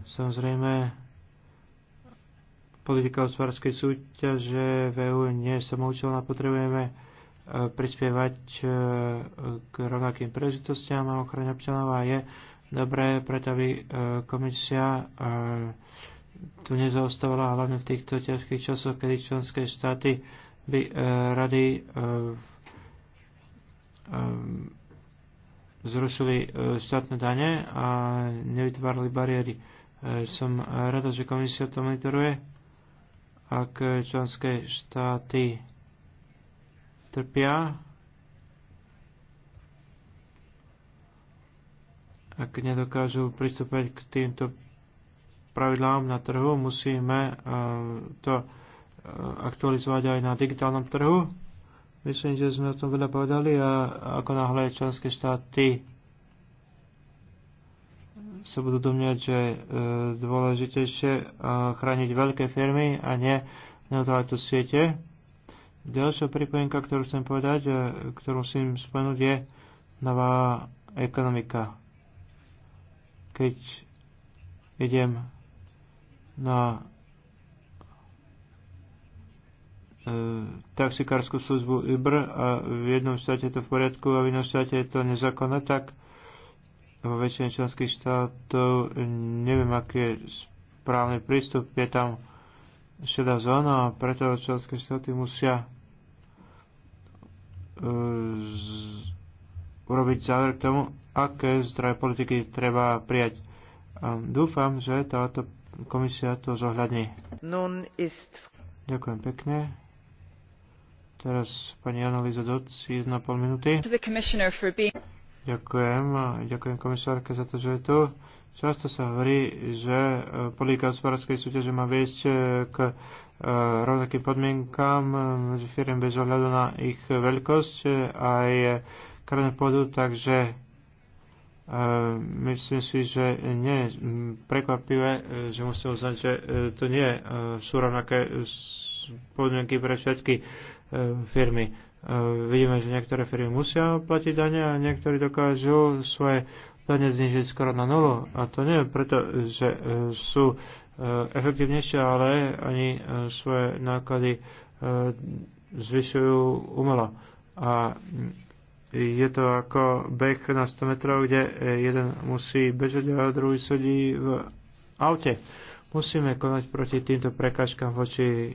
Samozrejme, politika hospodárskej súťaže v EU nie je samoučelná, potrebujeme prispievať e, k rovnakým príležitostiam a ochrane občanov a je dobré, preto aby e, komisia e, tu nezaostávala hlavne v týchto ťažkých časoch, kedy členské štáty by rady zrušili štátne dane a nevytvárali bariéry. Som rada, že komisia to monitoruje. Ak členské štáty trpia, ak nedokážu pristúpať k týmto pravidlám na trhu, musíme eh, to eh, aktualizovať aj na digitálnom trhu. Myslím, že sme o tom veľa povedali a ako náhle členské štáty sa budú domňať, že eh, dôležitejšie chrániť veľké firmy a nie to siete, Ďalšia pripojenka, ktorú chcem povedať, e, ktorú musím spomenúť, je nová ekonomika. Keď idem na e, taxikárskú službu Uber a v jednom štáte je to v poriadku a v inom štáte je to nezákonné, tak vo väčšine členských štátov neviem, aký je správny prístup. Je tam šedá zóna a preto členské štáty musia urobiť záver k tomu, aké zdroje politiky treba prijať. Dúfam, že táto komisia to zohľadní. Nun ist... Ďakujem pekne. Teraz pani Analýza Doc, 1,5 minúty. Ďakujem. Ďakujem komisárke za to, že je tu. Často sa hovorí, že eh, politika hospodárskej súťaže má viesť eh, k eh, rovnakým podmienkám medzi firiem bez ohľadu na ich veľkosť aj krajinu pôdu, takže myslím si, že nie je hm, prekvapivé, že musím uznať, že to nie sú rovnaké podmienky pre všetky firmy. Vidíme, že niektoré firmy musia platiť dane a niektorí dokážu svoje plne znižiť skoro na nulu. A to nie preto, že e, sú e, efektívnejšie, ale ani e, svoje náklady zvyšujú umelo. A mm, je to ako beh na 100 metrov, kde jeden musí bežať a druhý sedí v aute. Musíme konať proti týmto prekážkam voči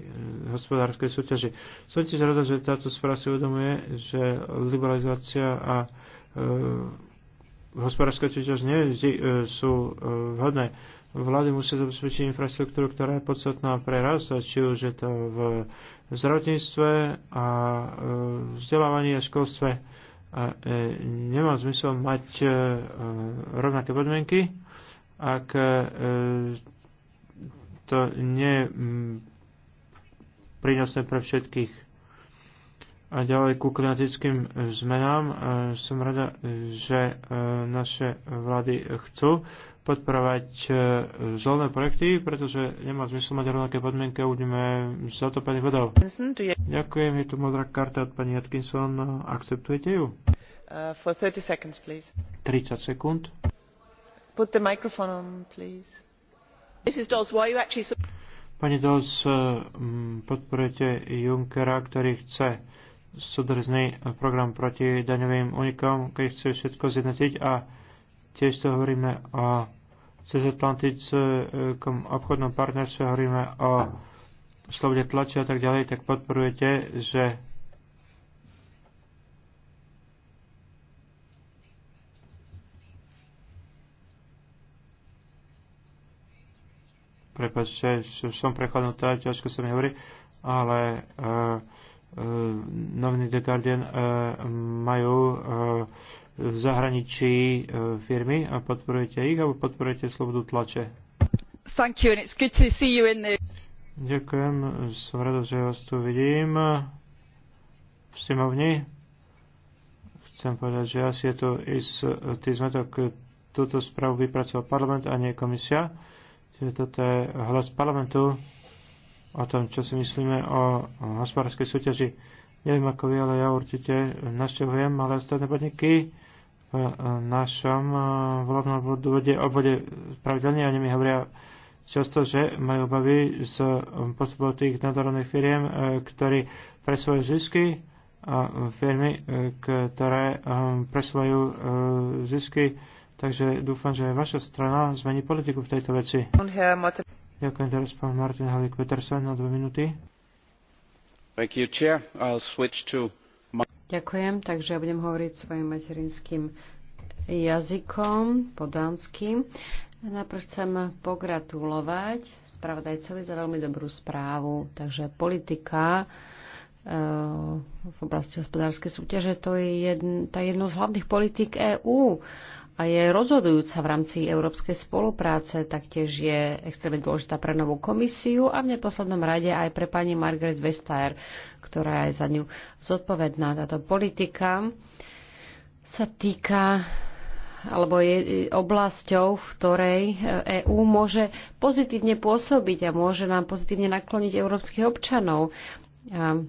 hospodárskej súťaži. Som tiež rada, že táto správa si uvedomuje, že liberalizácia a e, Hospodárske súťaž nie e, sú e, vhodné. Vlády musia zabezpečiť infraštruktúru, ktorá je podstatná pre rast, či už je to v zdravotníctve a e, vzdelávaní a školstve. A nemá zmysel mať rovnaké podmienky, ak to nie je prínosné pre všetkých a ďalej ku klimatickým e, zmenám e, som rada, že e, naše vlády chcú podporovať zelené projekty, pretože nemá zmysel mať rovnaké podmienky a budeme zatopených vodou. Ďakujem, je tu modrá karta od pani Atkinson. Akceptujete ju? Uh, for 30 seconds, please. 30 sekúnd. Put the microphone on, please. is Dawes, why you actually... Pani Dawes, podporujete Junkera, ktorý chce uh, súdržný program proti daňovým unikom, keď chce všetko zjednotiť a tiež to hovoríme o cez Atlantickom obchodnom partnerstve, hovoríme o slobode tlače a tak ďalej, tak podporujete, že Prepačte, som prekladnutá, ťažko sa mi hovorí, ale uh, Eh, noviny The Guardian eh, majú eh, v zahraničí firmy a podporujete ich alebo podporujete slobodu tlače? Thank you and it's good to see you in the... Ďakujem, som rada, že vás tu vidím v Simovni. Chcem povedať, že asi je to is, tý zmetok. Túto správu vypracoval parlament a nie komisia. Čiže toto je hlas parlamentu o tom, čo si myslíme o hospodárskej súťaži. Neviem ako vy, ale ja určite naštevujem malé ostatné podniky v e, našom e, volebnom obvode, obvode pravidelne. Oni mi hovoria často, že majú obavy z e, postupov tých nadorovných firiem, ktorí svoje zisky a firmy, ktoré presúvajú zisky. Takže dúfam, že vaša strana zmení politiku v tejto veci. Ďakujem teraz pán Martin Halik Petersen na dve minúty. Thank you, Chair. I'll switch to my... Ďakujem, takže ja budem hovoriť svojim materinským jazykom po dánskym. Najprv chcem pogratulovať spravodajcovi za veľmi dobrú správu. Takže politika e, v oblasti hospodárskej súťaže, to je jedn, tá jedno z hlavných politik EÚ a je rozhodujúca v rámci európskej spolupráce, taktiež je extrémne dôležitá pre novú komisiu a v neposlednom rade aj pre pani Margaret Vestager, ktorá je za ňu zodpovedná. Táto politika sa týka alebo je oblasťou, v ktorej EÚ e môže pozitívne pôsobiť a môže nám pozitívne nakloniť európskych občanov. A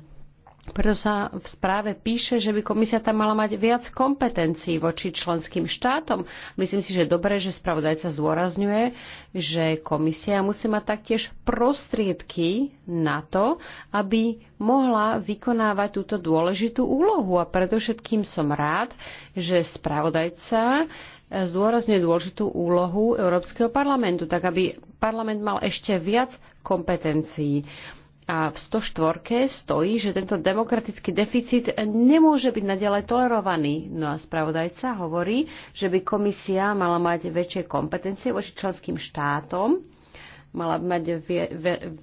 preto sa v správe píše, že by komisia tam mala mať viac kompetencií voči členským štátom. Myslím si, že dobre, že spravodajca zdôrazňuje, že komisia musí mať taktiež prostriedky na to, aby mohla vykonávať túto dôležitú úlohu. A predovšetkým som rád, že spravodajca zdôrazňuje dôležitú úlohu Európskeho parlamentu, tak aby parlament mal ešte viac kompetencií. A v 104. stojí, že tento demokratický deficit nemôže byť nadalej tolerovaný. No a spravodajca hovorí, že by komisia mala mať väčšie kompetencie voči členským štátom, mala by mať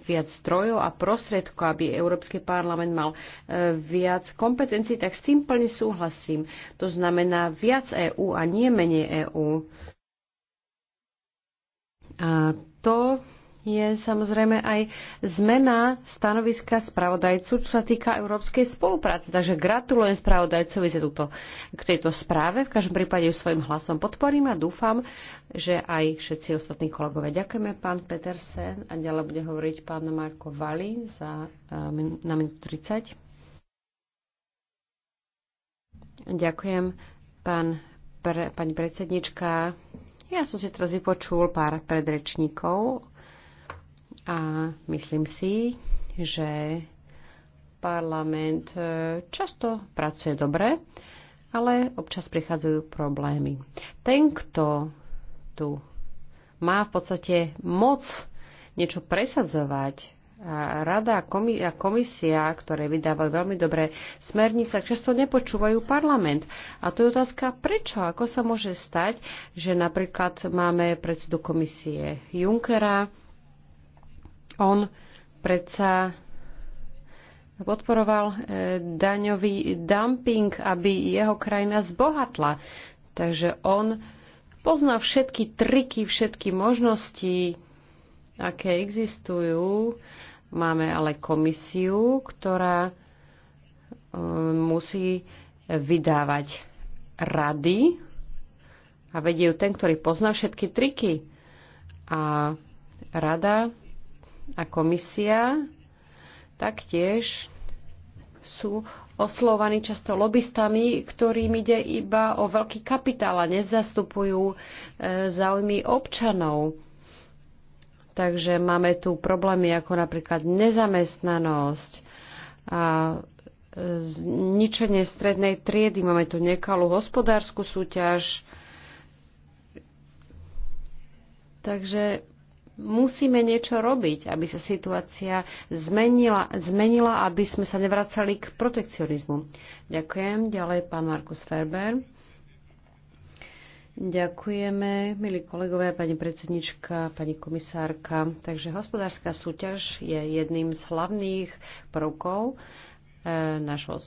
viac strojov a prostriedkov, aby Európsky parlament mal e, viac kompetencií, tak s tým plne súhlasím. To znamená viac EÚ a nie menej EÚ. A to je samozrejme aj zmena stanoviska spravodajcu, čo sa týka európskej spolupráce. Takže gratulujem spravodajcovi za túto, k tejto správe. V každom prípade ju svojim hlasom podporím a dúfam, že aj všetci ostatní kolegovia. Ďakujeme pán Petersen a ďalej bude hovoriť pán Marko Vali za, eh, na minútu 30. Ďakujem pán, pre, pani predsednička. Ja som si teraz vypočul pár predrečníkov a myslím si, že parlament e, často pracuje dobre, ale občas prichádzajú problémy. Ten, kto tu má v podstate moc niečo presadzovať, a rada a komisia, ktoré vydávajú veľmi dobré smernice, často nepočúvajú parlament. A to je otázka, prečo? Ako sa môže stať, že napríklad máme predsedu komisie Junckera, on predsa podporoval e, daňový dumping, aby jeho krajina zbohatla. Takže on pozná všetky triky, všetky možnosti, aké existujú. Máme ale komisiu, ktorá e, musí vydávať rady a vedie ju ten, ktorý pozná všetky triky. A rada a komisia taktiež sú oslovaní často lobbystami, ktorým ide iba o veľký kapitál a nezastupujú e, záujmy občanov. Takže máme tu problémy ako napríklad nezamestnanosť a e, zničenie strednej triedy, máme tu nekalú hospodárskú súťaž. Takže musíme niečo robiť, aby sa situácia zmenila, zmenila aby sme sa nevracali k protekcionizmu. Ďakujem. Ďalej pán Markus Ferber. Ďakujeme, milí kolegovia, pani predsednička, pani komisárka. Takže hospodárska súťaž je jedným z hlavných prvkov e, našho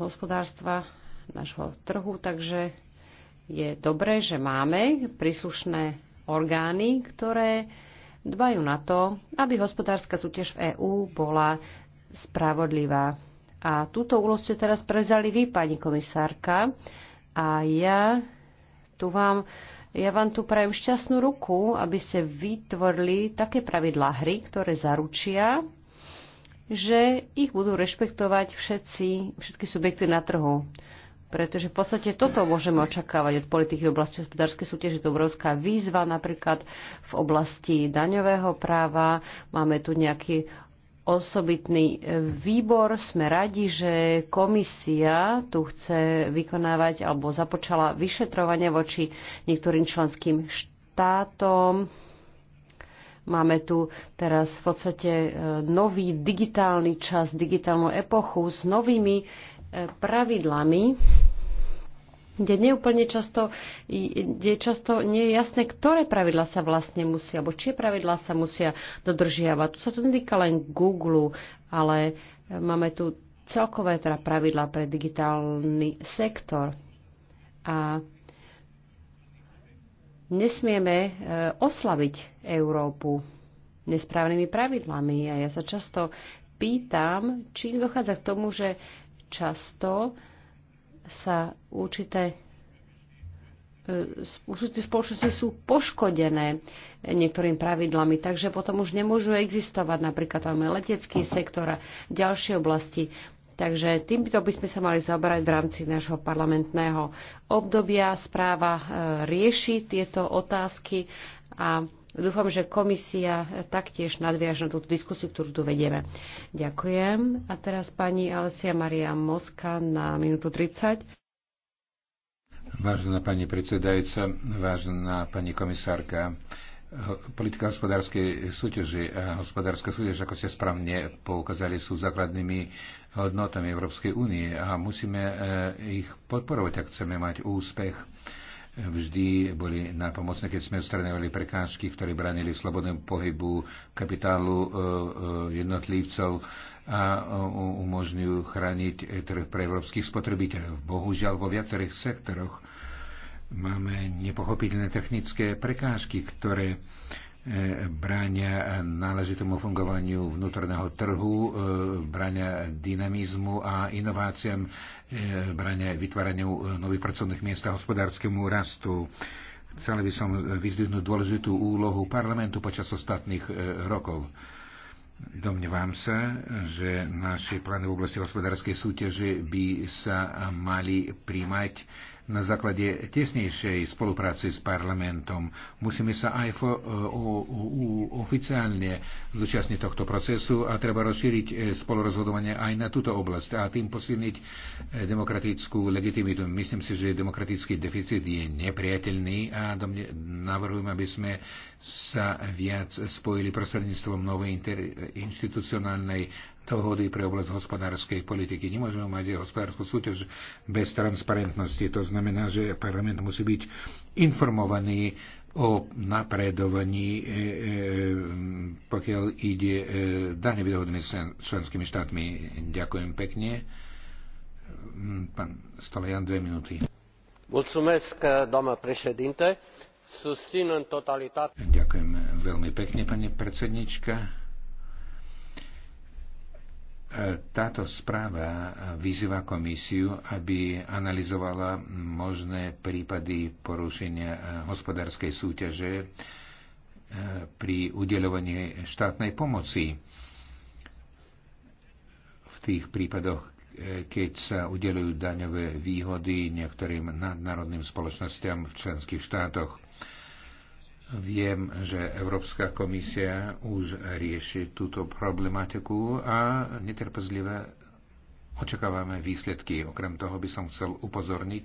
hospodárstva, našho trhu, takže je dobré, že máme príslušné orgány, ktoré dbajú na to, aby hospodárska súťaž v EÚ bola spravodlivá. A túto úlohu ste teraz prezali vy, pani komisárka. A ja tu vám, ja vám tu prajem šťastnú ruku, aby ste vytvorili také pravidlá hry, ktoré zaručia, že ich budú rešpektovať všetci, všetky subjekty na trhu. Pretože v podstate toto môžeme očakávať od politiky v oblasti hospodárskej súťaže. To obrovská výzva napríklad v oblasti daňového práva. Máme tu nejaký osobitný výbor. Sme radi, že komisia tu chce vykonávať alebo započala vyšetrovanie voči niektorým členským štátom. Máme tu teraz v podstate e, nový digitálny čas, digitálnu epochu s novými E, pravidlami, kde neúplne často, kde často nie je jasné, ktoré pravidla sa vlastne musia, alebo čie pravidla sa musia dodržiavať. Tu sa to netýka len Google, ale e, máme tu celkové teda pravidla pre digitálny sektor. A nesmieme e, oslaviť Európu nesprávnymi pravidlami. A ja sa často pýtam, či dochádza k tomu, že často sa určité e, určité spoločnosti sú poškodené niektorým pravidlami, takže potom už nemôžu existovať napríklad tam letecký sektor a ďalšie oblasti. Takže týmto by sme sa mali zaoberať v rámci nášho parlamentného obdobia. Správa e, rieši tieto otázky a Dúfam, že komisia taktiež nadviaže na túto diskusiu, ktorú tu vedieme. Ďakujem. A teraz pani Alessia Maria Moska na minútu 30. Vážená pani predsedajúca, vážená pani komisárka, politika hospodárskej súťaže a hospodárska súťaž, ako ste správne poukázali, sú základnými hodnotami Európskej únie a musíme eh, ich podporovať, ak chceme mať úspech vždy boli napomocné, keď sme odstraňovali prekážky, ktoré bránili slobodnému pohybu kapitálu e, e, jednotlivcov a e, umožňujú chrániť trh pre európskych spotrebiteľov. Bohužiaľ, vo viacerých sektoroch máme nepochopiteľné technické prekážky, ktoré bráňa náležitému fungovaniu vnútorného trhu, bráňa dynamizmu a inováciám, bráňa vytváraniu nových pracovných miest a hospodárskému rastu. Chcel by som vyzdvihnúť dôležitú úlohu parlamentu počas ostatných e, rokov. Domnievam sa, že naše plány v oblasti hospodárskej súťaže by sa mali príjmať na základe tesnejšej spolupráce s parlamentom. Musíme sa aj fo, e, o, o, o, oficiálne zúčastniť tohto procesu a treba rozšíriť e, spolurozhodovanie aj na túto oblasť a tým posilniť e, demokratickú legitimitu. Myslím si, že demokratický deficit je nepriateľný a domne, navrhujem, aby sme sa viac spojili prostredníctvom novej interinstitucionálnej dohody pre oblasť hospodárskej politiky. Nemôžeme mať hospodárskú súťaž bez transparentnosti. To znamená, znamená, že parlament musí byť informovaný o napredovaní, e, e, e, pokiaľ ide daňové dohody s členskými štátmi. Ďakujem pekne. Mm, pán Stolian, dve minúty. Mulțumesc, doamnă președinte. Susțin în totalitate. Ďakujem veľmi pekne, pani predsednička táto správa vyzýva komisiu, aby analyzovala možné prípady porušenia eh, hospodárskej súťaže eh, pri udeľovaní štátnej pomoci. V tých prípadoch, eh, keď sa udelujú daňové výhody niektorým nadnárodným spoločnosťam v členských štátoch. Viem, že Európska komisia už rieši túto problematiku a netrpezlivé očakávame výsledky. Okrem toho by som chcel upozorniť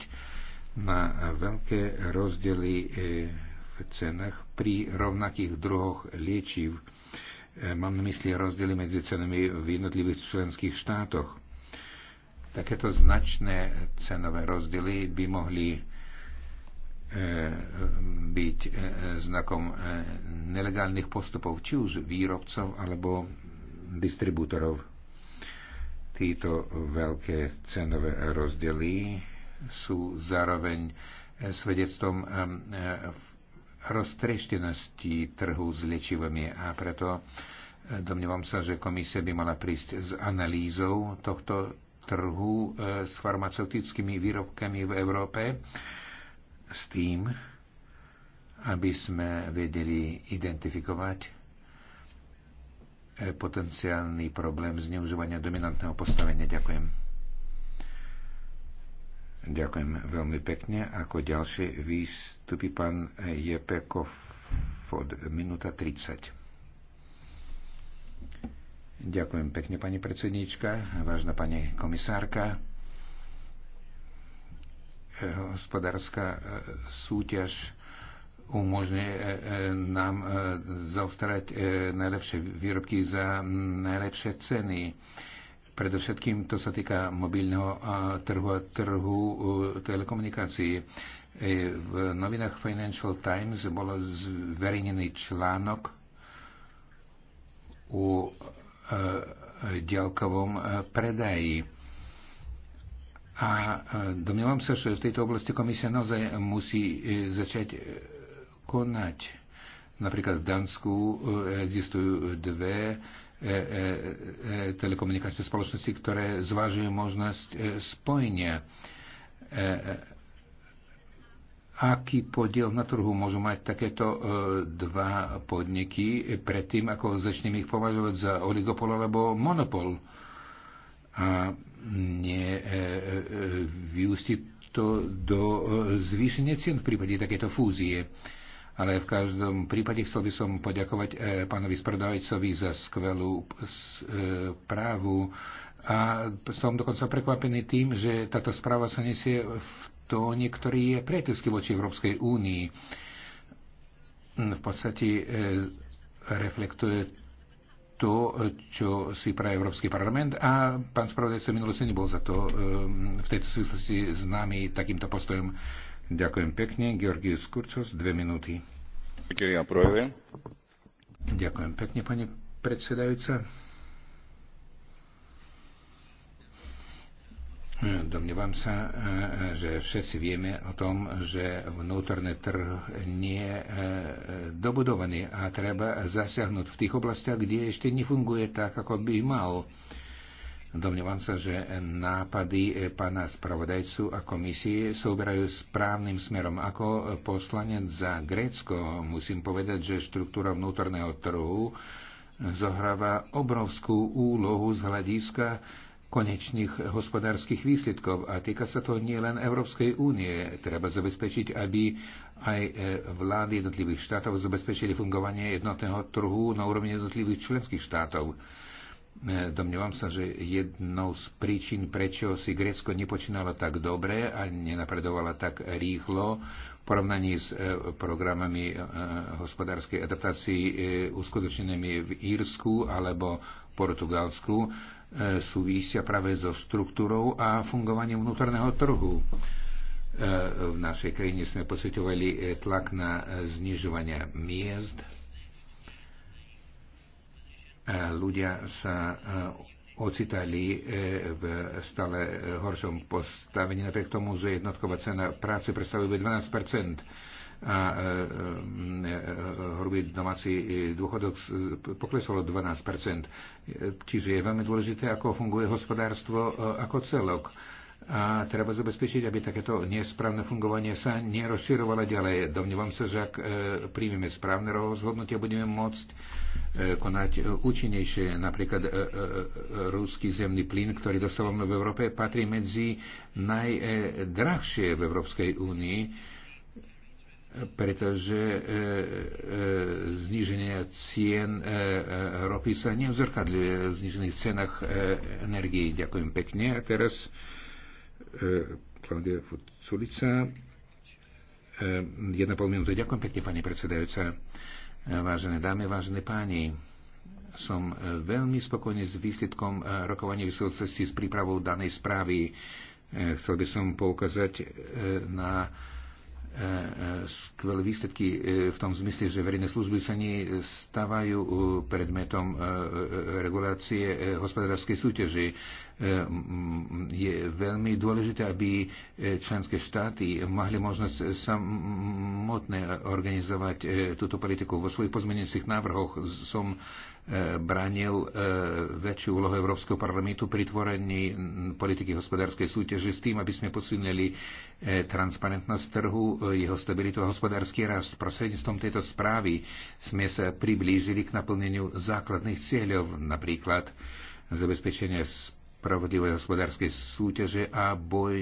na veľké rozdiely e, v cenách pri rovnakých druhoch liečiv. E, mám na mysli rozdiely medzi cenami v jednotlivých členských štátoch. Takéto značné cenové rozdiely by mohli E, byť e, znakom e, nelegálnych postupov, či už výrobcov alebo distribútorov. Títo veľké cenové rozdiely sú zároveň svedectvom roztreštenosti trhu s liečivami a preto domnievam sa, že komisia by mala prísť s analýzou tohto trhu s farmaceutickými výrobkami v Európe s tým, aby sme vedeli identifikovať eh, potenciálny problém zneužívania dominantného postavenia. Ďakujem. Ďakujem veľmi pekne. Ako ďalšie výstupy pán eh, Jepekov od minúta 30. Ďakujem pekne, pani predsedníčka, vážna pani komisárka hospodárska e, súťaž umožňuje e, e, nám zaobstarať najlepšie výrobky za najlepšie ceny. Predovšetkým to sa týka mobilného trhu a trhu telekomunikácií. V novinách Financial Times bol zverejnený článok o ďalkovom predaji a domnievam sa, že v tejto oblasti komisia naozaj musí e, začať e, konať. Napríklad v Dánsku e, existujú dve telekomunikačné spoločnosti, ktoré zvažujú možnosť spojenia. Aký podiel na trhu môžu mať takéto dva podniky predtým, ako začneme ich považovať za oligopol alebo monopol? A nevyústi to do eh, zvýšenia cien v prípade takéto fúzie. Ale v každom prípade chcel by som poďakovať eh, pánovi spravodajcovi za skvelú eh, právu a som dokonca prekvapený tým, že táto správa sa nesie v to niektorý je priateľský voči Európskej únii. V podstate reflektuje to, čo si pre Európsky parlament a pán spravodajca minulosti nebol za to um, v tejto súvislosti s nami takýmto postojom. Ďakujem pekne. Georgius Kurcos, dve minúty. Ďakujem pekne, pani predsedajúca. E, domnievam sa, e, e, že všetci vieme o tom, že vnútorný trh nie je dobudovaný a treba zasiahnuť v tých oblastiach, kde ešte nefunguje tak, ako by mal. Domnievam sa, že nápady pána spravodajcu a komisie sa správnym smerom. Ako poslanec za Grécko musím povedať, že štruktúra vnútorného trhu zohráva obrovskú úlohu z hľadiska konečných hospodárskych výsledkov a týka sa to nielen Európskej únie. Treba zabezpečiť, aby aj e, vlády jednotlivých štátov zabezpečili fungovanie jednotného trhu na úrovni jednotlivých členských štátov E, domnievam sa, že jednou z príčin, prečo si Grécko nepočínalo tak dobre a nenapredovalo tak rýchlo v porovnaní s e, programami e, hospodárskej adaptácii uskutočnenými v Írsku alebo Portugalsku, súvisia práve so štruktúrou a fungovaním vnútorného trhu. V našej krajine sme pocitovali tlak na znižovanie miest, ľudia sa e, ocitali e, v stále e, horšom postavení, napriek tomu, že jednotková cena práce predstavuje 12 a hrubý domáci dôchodok poklesol o 12 Čiže je veľmi dôležité, ako funguje hospodárstvo ako celok a treba zabezpečiť, aby takéto nesprávne fungovanie sa nerozširovalo ďalej. Domnívam sa, že ak e, príjmeme správne rozhodnutie, budeme môcť e, konať e, účinnejšie. Napríklad e, e, e, ruský zemný plyn, ktorý dostávame v Európe, patrí medzi najdrahšie v Európskej únii pretože e, e, zniženie cien e, e, ropy sa neuzrkadľuje v znižených cenách e, energii. Ďakujem pekne. A teraz Klaudia e, Fuculica. E, jedna pol minúta. Ďakujem pekne, pani predsedajúca. E, vážené dámy, vážené páni, som veľmi spokojný s výsledkom rokovania vysokej s prípravou danej správy. Chcel by som poukázať na skvelé výsledky e, v tom zmysle, že verejné služby sa nestávajú e, predmetom e, regulácie hospodárskej súťaže. Je veľmi dôležité, aby členské štáty mohli možnosť samotné organizovať túto politiku. Vo svojich pozmeniacich návrhoch som branil e, väčšiu úlohu Európskeho parlamentu pri tvorení politiky hospodárskej súťaže s tým, aby sme posilnili e, transparentnosť trhu, e, jeho stabilitu a hospodársky rast. Prostredníctvom tejto správy sme sa priblížili k naplneniu základných cieľov, napríklad zabezpečenie spravodlivej hospodárskej súťaže a boj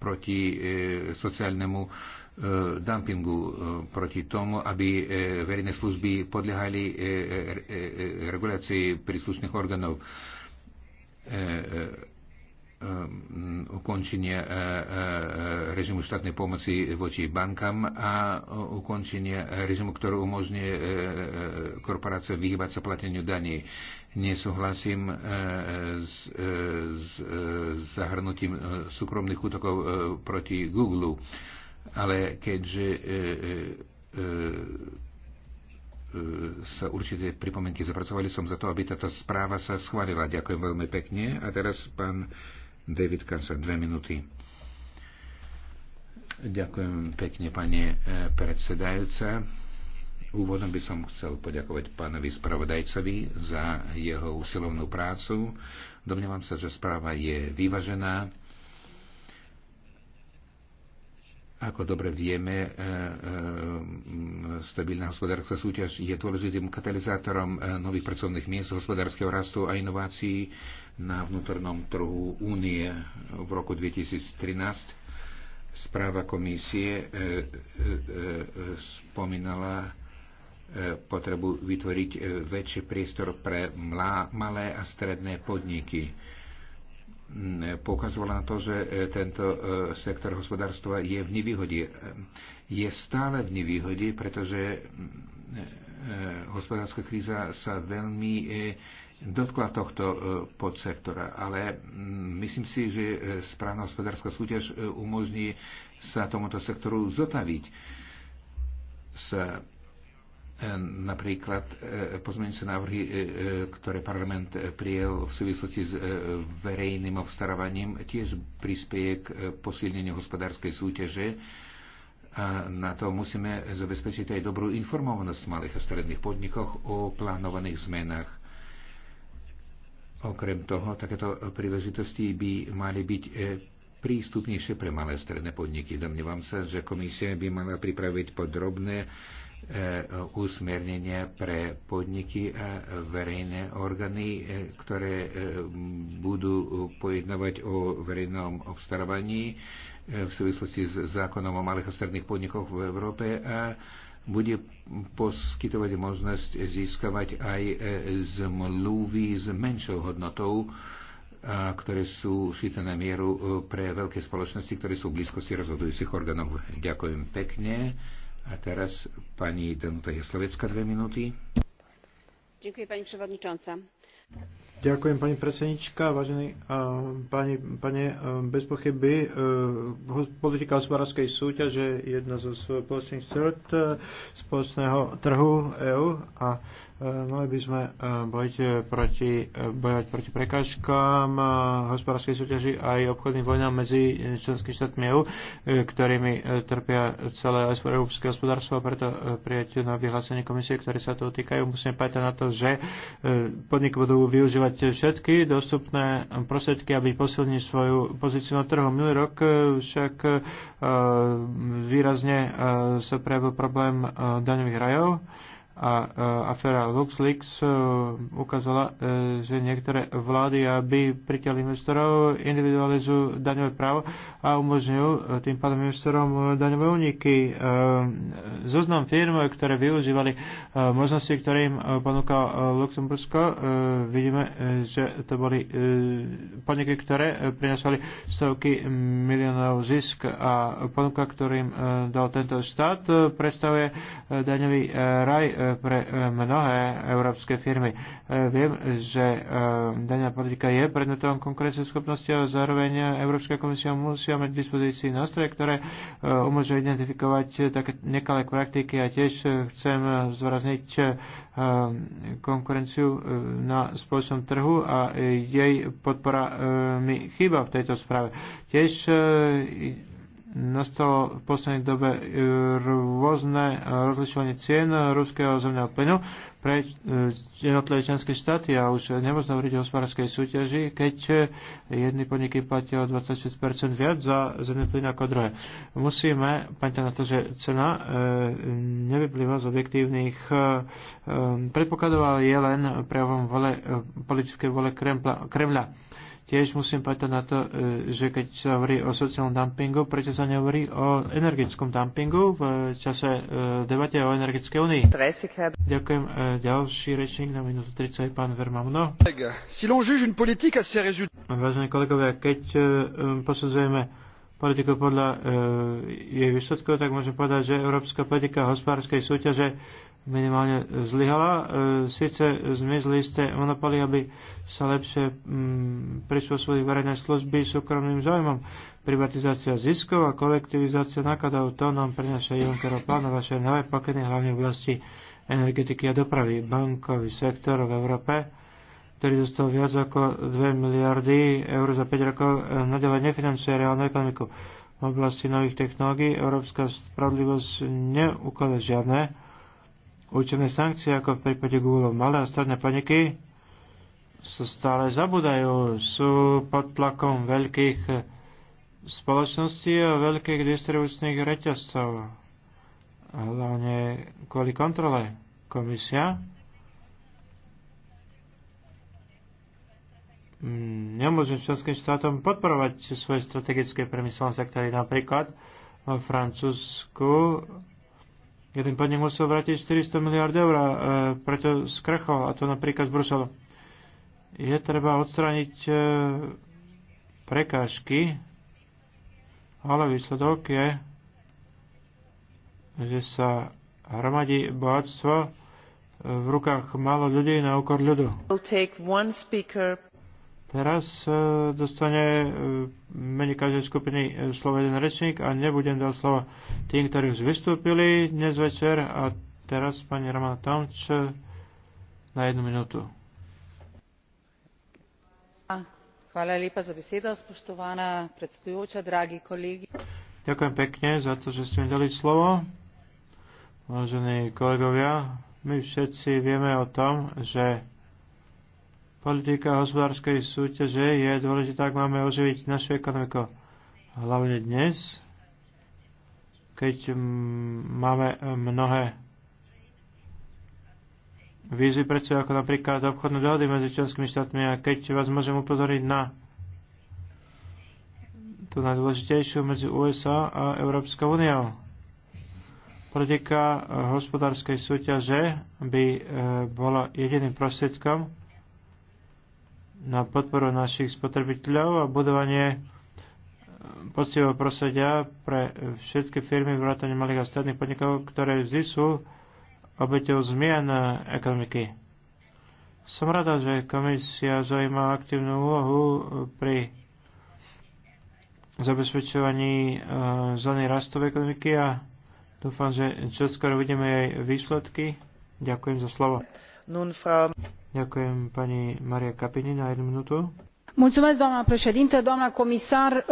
proti e, sociálnemu e, dumpingu, e, proti tomu, aby e, verejné služby podliehali e, e, e regulácii príslušných orgánov E, e, e ukončenie e, režimu štátnej pomoci voči bankám a ukončenie režimu, ktorý umožňuje korporáciám vyhybať sa plateniu daní. Nesúhlasím e, e, s, e, s zahrnutím súkromných útokov proti Google, ale keďže sa určité pripomienky zapracovali, som za to, aby táto správa sa schválila. Ďakujem veľmi pekne. A teraz pán David Kansa, dve minúty. Ďakujem pekne, pani predsedajúca Úvodom by som chcel poďakovať pánovi spravodajcovi za jeho usilovnú prácu. Domnievam sa, že správa je vyvažená. Ako dobre vieme, e, e, stabilná hospodárska súťaž je dôležitým katalizátorom e, nových pracovných miest, hospodárskeho rastu a inovácií na vnútornom trhu únie v roku 2013. Správa komisie spomínala E, potrebu vytvoriť e, väčší priestor pre mlá, malé a stredné podniky. Mm, e, Poukazovala na to, že tento sektor hospodárstva je v nevýhode. Je stále v nevýhode, pretože mm, hospodárska kríza sa veľmi dotkla tohto podsektora, ale mm, myslím si, že správna hospodárska súťaž umožní sa tomuto sektoru zotaviť sa napríklad e, pozmeňujúce návrhy, e, e, ktoré parlament prijel v súvislosti s verejným obstarávaním, tiež prispieje k posilneniu hospodárskej súťaže. A na to musíme zabezpečiť aj dobrú informovanosť malých a stredných podnikoch o plánovaných zmenách. Okrem toho, takéto príležitosti by mali byť prístupnejšie pre malé a stredné podniky. Domnievam sa, že komisia by mala pripraviť podrobné E, usmernenia pre podniky a verejné orgány, e, ktoré e, budú pojednávať o verejnom obstarávaní v súvislosti s zákonom o malých a stredných podnikoch v Európe a bude poskytovať možnosť získavať aj zmluvy s menšou hodnotou, ktoré sú šité na mieru pre veľké spoločnosti, ktoré sú v blízkosti rozhodujúcich orgánov. Ďakujem pekne. A teraz pani Danuta Jaslovecka, dve minúty. Ďakujem, pani przewodnicząca. Ďakujem, pani predsednička. Vážený pani, pani, bez pochyby e, politika hospodárskej súťaže je jedna zo spoločných cert e, spoločného trhu EÚ a Eh, mali by sme eh, bojať eh, proti, bojať proti prekážkám hospodárskej súťaži aj obchodným vojnám medzi členskými štátmi EU, ktorými trpia celé európske hospodárstvo a preto prijať na vyhlásenie komisie, ktoré sa toho týkajú. Musíme pamätať na to, že podniky budú využívať všetky dostupné prostriedky, aby posilnili svoju pozíciu na trhu. Minulý rok však výrazne sa prejavil problém daňových rajov a uh, aféra LuxLeaks uh, ukázala, uh, že niektoré vlády, aby priťali investorov, individualizujú daňové právo a umožňujú uh, tým pádom investorom uh, daňové úniky. Zoznam firm, ktoré využívali uh, možnosti, ktoré im uh, ponúkal uh, Luxembursko, uh, vidíme, uh, že to boli uh, podniky, ktoré uh, prinašali stovky miliónov zisk a ponuka, ktorým uh, dal tento štát, uh, predstavuje uh, daňový uh, raj Uh, pre e, mnohé európske firmy. E, viem, že e, daňová politika je predmetom konkurenceschopnosti a zároveň Európska komisia musí mať v dispozícii nástroje, ktoré umožňuje identifikovať také nekalé praktiky a tiež chcem zvrazniť konkurenciu na spoločnom trhu a jej podpora mi chýba v tejto správe. Tiež nastalo v poslednej dobe e, rôzne e, rozlišovanie cien ruského zemného plynu pre e, jednotlivé členské štáty a už nemôžno hovoriť o hospodárskej súťaži, keď jedny podniky platia o 26% viac za zemný plyn ako druhé. Musíme pamätať na to, že cena nevyplýva z objektívnych predpokladov, ale je len prejavom vole, politickej vole Kremla. Tiež musím povedať na to, e, že keď sa hovorí o sociálnom dumpingu, prečo sa nehovorí o energetickom dumpingu v čase e, debate o energetickej únii? Ďakujem. E, ďalší rečník na minútu 30 je pán Vermamno. Vážení kolegovia, keď posudzujeme politiku podľa jej výsledkov, tak môžem povedať, že európska politika hospodárskej súťaže minimálne zlyhala. E, Sice zmizli ste monopoly, aby sa lepšie mm, prispôsobili verejné služby súkromným záujmom. Privatizácia ziskov a kolektivizácia nákladov, to nám prináša Junckerov plán na vaše nové pakety hlavne v oblasti energetiky a dopravy. Bankový sektor v Európe ktorý dostal viac ako 2 miliardy eur za 5 rokov, e, nadalej nefinancuje reálnu ekonomiku. V oblasti nových technológií európska spravodlivosť neukladá žiadne účinné sankcie, ako v prípade Google. Malé a stredné podniky sa stále zabudajú, sú pod tlakom veľkých spoločností a veľkých distribučných reťazcov, hlavne kvôli kontrole. Komisia nemôže členským štátom podporovať svoje strategické premyselné sektory. Napríklad v Francúzsku jeden podnik musel vrátiť 400 miliard eur, e, preto skrchol, a to napríklad z Bruselu. Je treba odstrániť e, prekážky, ale výsledok je, že sa hromadí bohatstvo v rukách málo ľudí na úkor ľudu. We'll Teraz e, dostane e, meni každej skupiny e, slovo jeden rečník a nebudem dať slovo tým, ktorí už vystúpili dnes večer. A teraz pani Ramana Tomč na jednu minútu. Hvala lepa za besedo, spoštovana predsedujoča, dragi kolegi. Ďakujem pekne za to, že ste mi dali slovo. Vážení kolegovia, my všetci vieme o tom, že Politika hospodárskej súťaže je dôležitá, ak máme oživiť našu ekonomiku. Hlavne dnes, keď mm, máme e, mnohé výzvy pred sebou, ako napríklad obchodné dohody medzi členskými štátmi a keď vás môžem upozoriť na tú najdôležitejšiu medzi USA a Európskou úniou. Politika hospodárskej súťaže by e, bola jediným prostriedkom, na podporu našich spotrebiteľov a budovanie eh, poctivého prostredia pre všetky firmy vrátane malých a stredných podnikov, ktoré vždy sú obeťou zmien eh, ekonomiky. Som rada, že komisia zaujíma aktívnu úlohu eh, pri zabezpečovaní zóny rastu ekonomiky a dúfam, že čoskoro uvidíme jej výsledky. Ďakujem za slovo. Nun, Frau... Ďakujem pani Maria Capini na jednu minútu. Mulțumesc, doamna președintă, doamna comisar.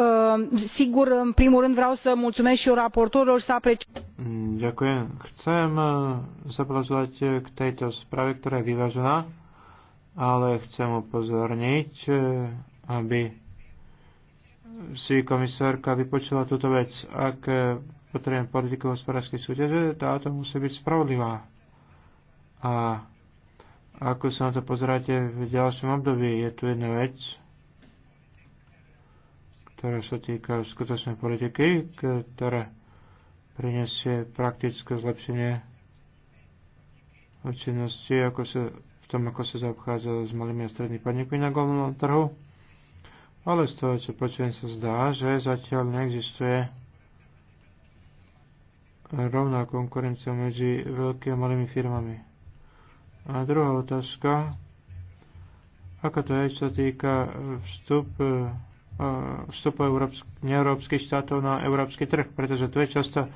Sigur, în primul rând vreau să mulțumesc și raportorilor să apreciez. Ďakujem. Chcem zablazovať k tejto správe, ktorá je vyvážená, ale chcem upozorniť, aby si komisárka vypočula túto vec. Ak potrebujem politiku hospodárskej súťaže, táto musí byť spravodlivá. A ako sa na to pozeráte v ďalšom období? Je tu jedna vec, ktorá sa týka skutočnej politiky, ktorá prinesie praktické zlepšenie účinnosti ako sa, v tom, ako sa zaobchádza s malými a strednými podnikmi na globálnom trhu. Ale z toho, čo počujem, sa zdá, že zatiaľ neexistuje rovná konkurencia medzi veľkými a malými firmami. A druhá otázka, ako to je, čo sa týka e, vstup, e, vstupu európsk, neeurópskych štátov na európsky trh, pretože tu je často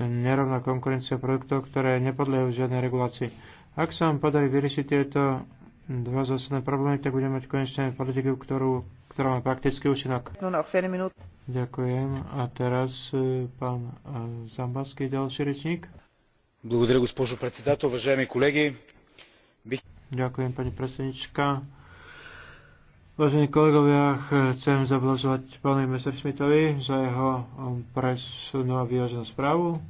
nerovná konkurencia produktov, ktoré nepodliehajú žiadnej regulácii. Ak sa vám podarí vyriešiť tieto dva zásadné problémy, tak budeme mať konečne politiku, ktorú, ktorá má praktický účinok. No, no, Ďakujem. A teraz e, pán Zambasky, ďalší rečník. Благодаря, госпожо председател. Уважаеми колеги, Ďakujem, pani predsednička. Vážení kolegovia, chcem zablažovať pánovi Messerschmittovi za jeho um, presnú a vyváženú správu.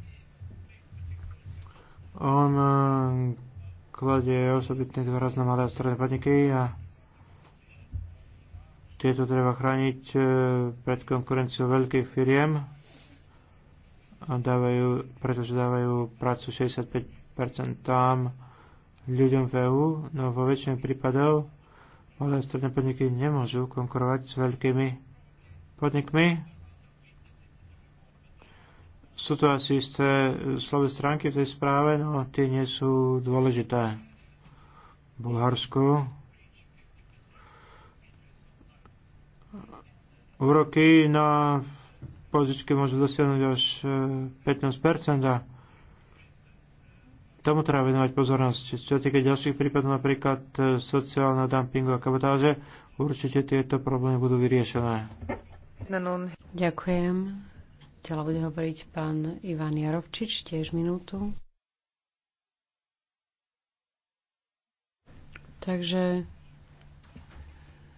On um, kladie osobitný dôraz na malé a stredné podniky a tieto treba chrániť uh, pred konkurenciou veľkých firiem, a dávajú, pretože dávajú prácu 65% tam ľuďom v EU no vo väčšine prípadov malé stredné podniky nemôžu konkurovať s veľkými podnikmi. Sú to asi isté slové stránky v tej správe, no tie nie sú dôležité. V Bulharsku úroky na požičky môžu dosiahnuť až 15% eh, Tomu treba venovať pozornosť. Čo týka ďalších prípadov, napríklad e, sociálna dumpingu a kabotáže, určite tieto problémy budú vyriešené. Ďakujem. Ďalej bude hovoriť pán Ivan Jarovčič, tiež minútu. Takže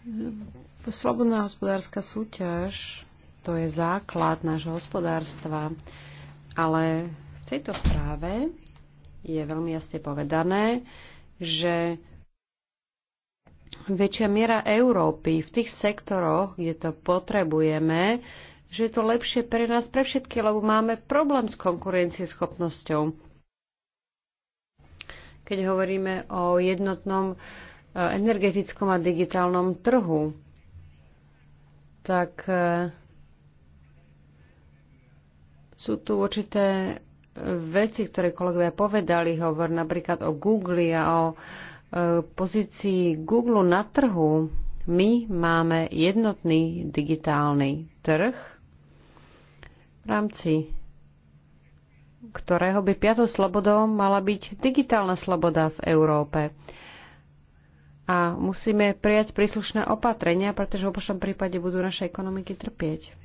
e, slobodná hospodárska súťaž to je základ nášho hospodárstva, ale v tejto správe je veľmi jasne povedané, že väčšia miera Európy v tých sektoroch, kde to potrebujeme, že je to lepšie pre nás, pre všetky, lebo máme problém s konkurencieschopnosťou. Keď hovoríme o jednotnom eh, energetickom a digitálnom trhu, tak eh, sú tu určité veci, ktoré kolegovia povedali, hovor napríklad o Google a o e, pozícii Google na trhu. My máme jednotný digitálny trh, v rámci ktorého by piatou slobodou mala byť digitálna sloboda v Európe. A musíme prijať príslušné opatrenia, pretože v opačnom prípade budú naše ekonomiky trpieť.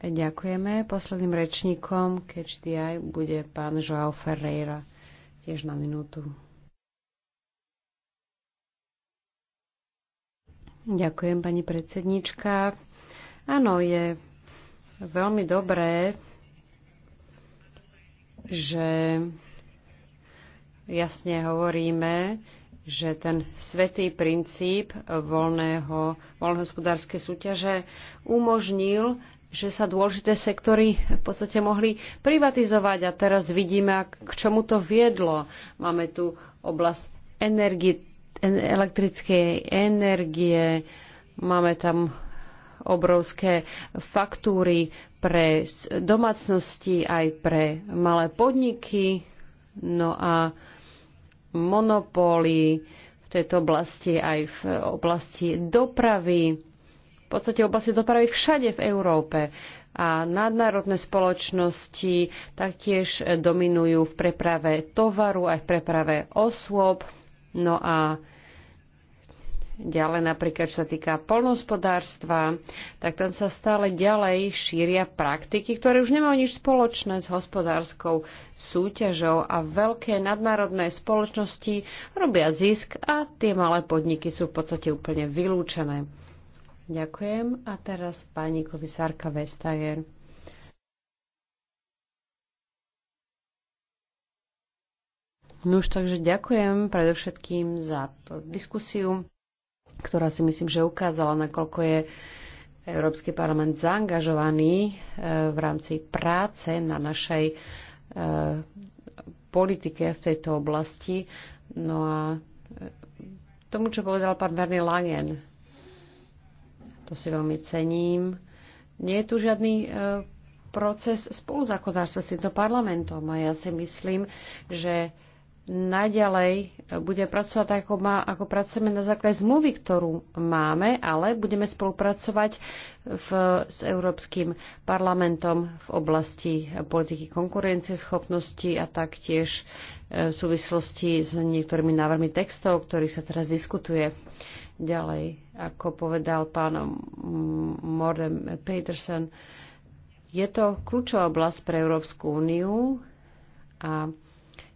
Ďakujeme. Posledným rečníkom KHDI bude pán Joao Ferreira, tiež na minútu. Ďakujem, pani predsednička. Áno, je veľmi dobré, že jasne hovoríme, že ten svetý princíp voľného, hospodárskej súťaže umožnil že sa dôležité sektory v podstate mohli privatizovať a teraz vidíme, k čomu to viedlo. Máme tu oblasť energie, elektrickej energie, máme tam obrovské faktúry pre domácnosti aj pre malé podniky, no a monopóly v tejto oblasti aj v oblasti dopravy v podstate oblasti dopravy všade v Európe. A nadnárodné spoločnosti taktiež dominujú v preprave tovaru aj v preprave osôb. No a ďalej napríklad, čo sa týka polnospodárstva, tak tam sa stále ďalej šíria praktiky, ktoré už nemajú nič spoločné s hospodárskou súťažou a veľké nadnárodné spoločnosti robia zisk a tie malé podniky sú v podstate úplne vylúčené. Ďakujem. A teraz pani komisárka Vestager. už takže ďakujem predovšetkým za tú diskusiu, ktorá si myslím, že ukázala, nakoľko je Európsky parlament zaangažovaný e, v rámci práce na našej e, politike v tejto oblasti. No a e, tomu, čo povedal pán Werner Langen, to si veľmi cením. Nie je tu žiadny e, proces spoluzákonárstva s týmto parlamentom a ja si myslím, že naďalej e, bude pracovať tak, ako, má, ako pracujeme na základe zmluvy, ktorú máme, ale budeme spolupracovať v, s Európskym parlamentom v oblasti politiky konkurencie, schopnosti a taktiež e, v súvislosti s niektorými návrhmi textov, o ktorých sa teraz diskutuje. Ďalej, ako povedal pán Morden Peterson, je to kľúčová oblasť pre Európsku úniu a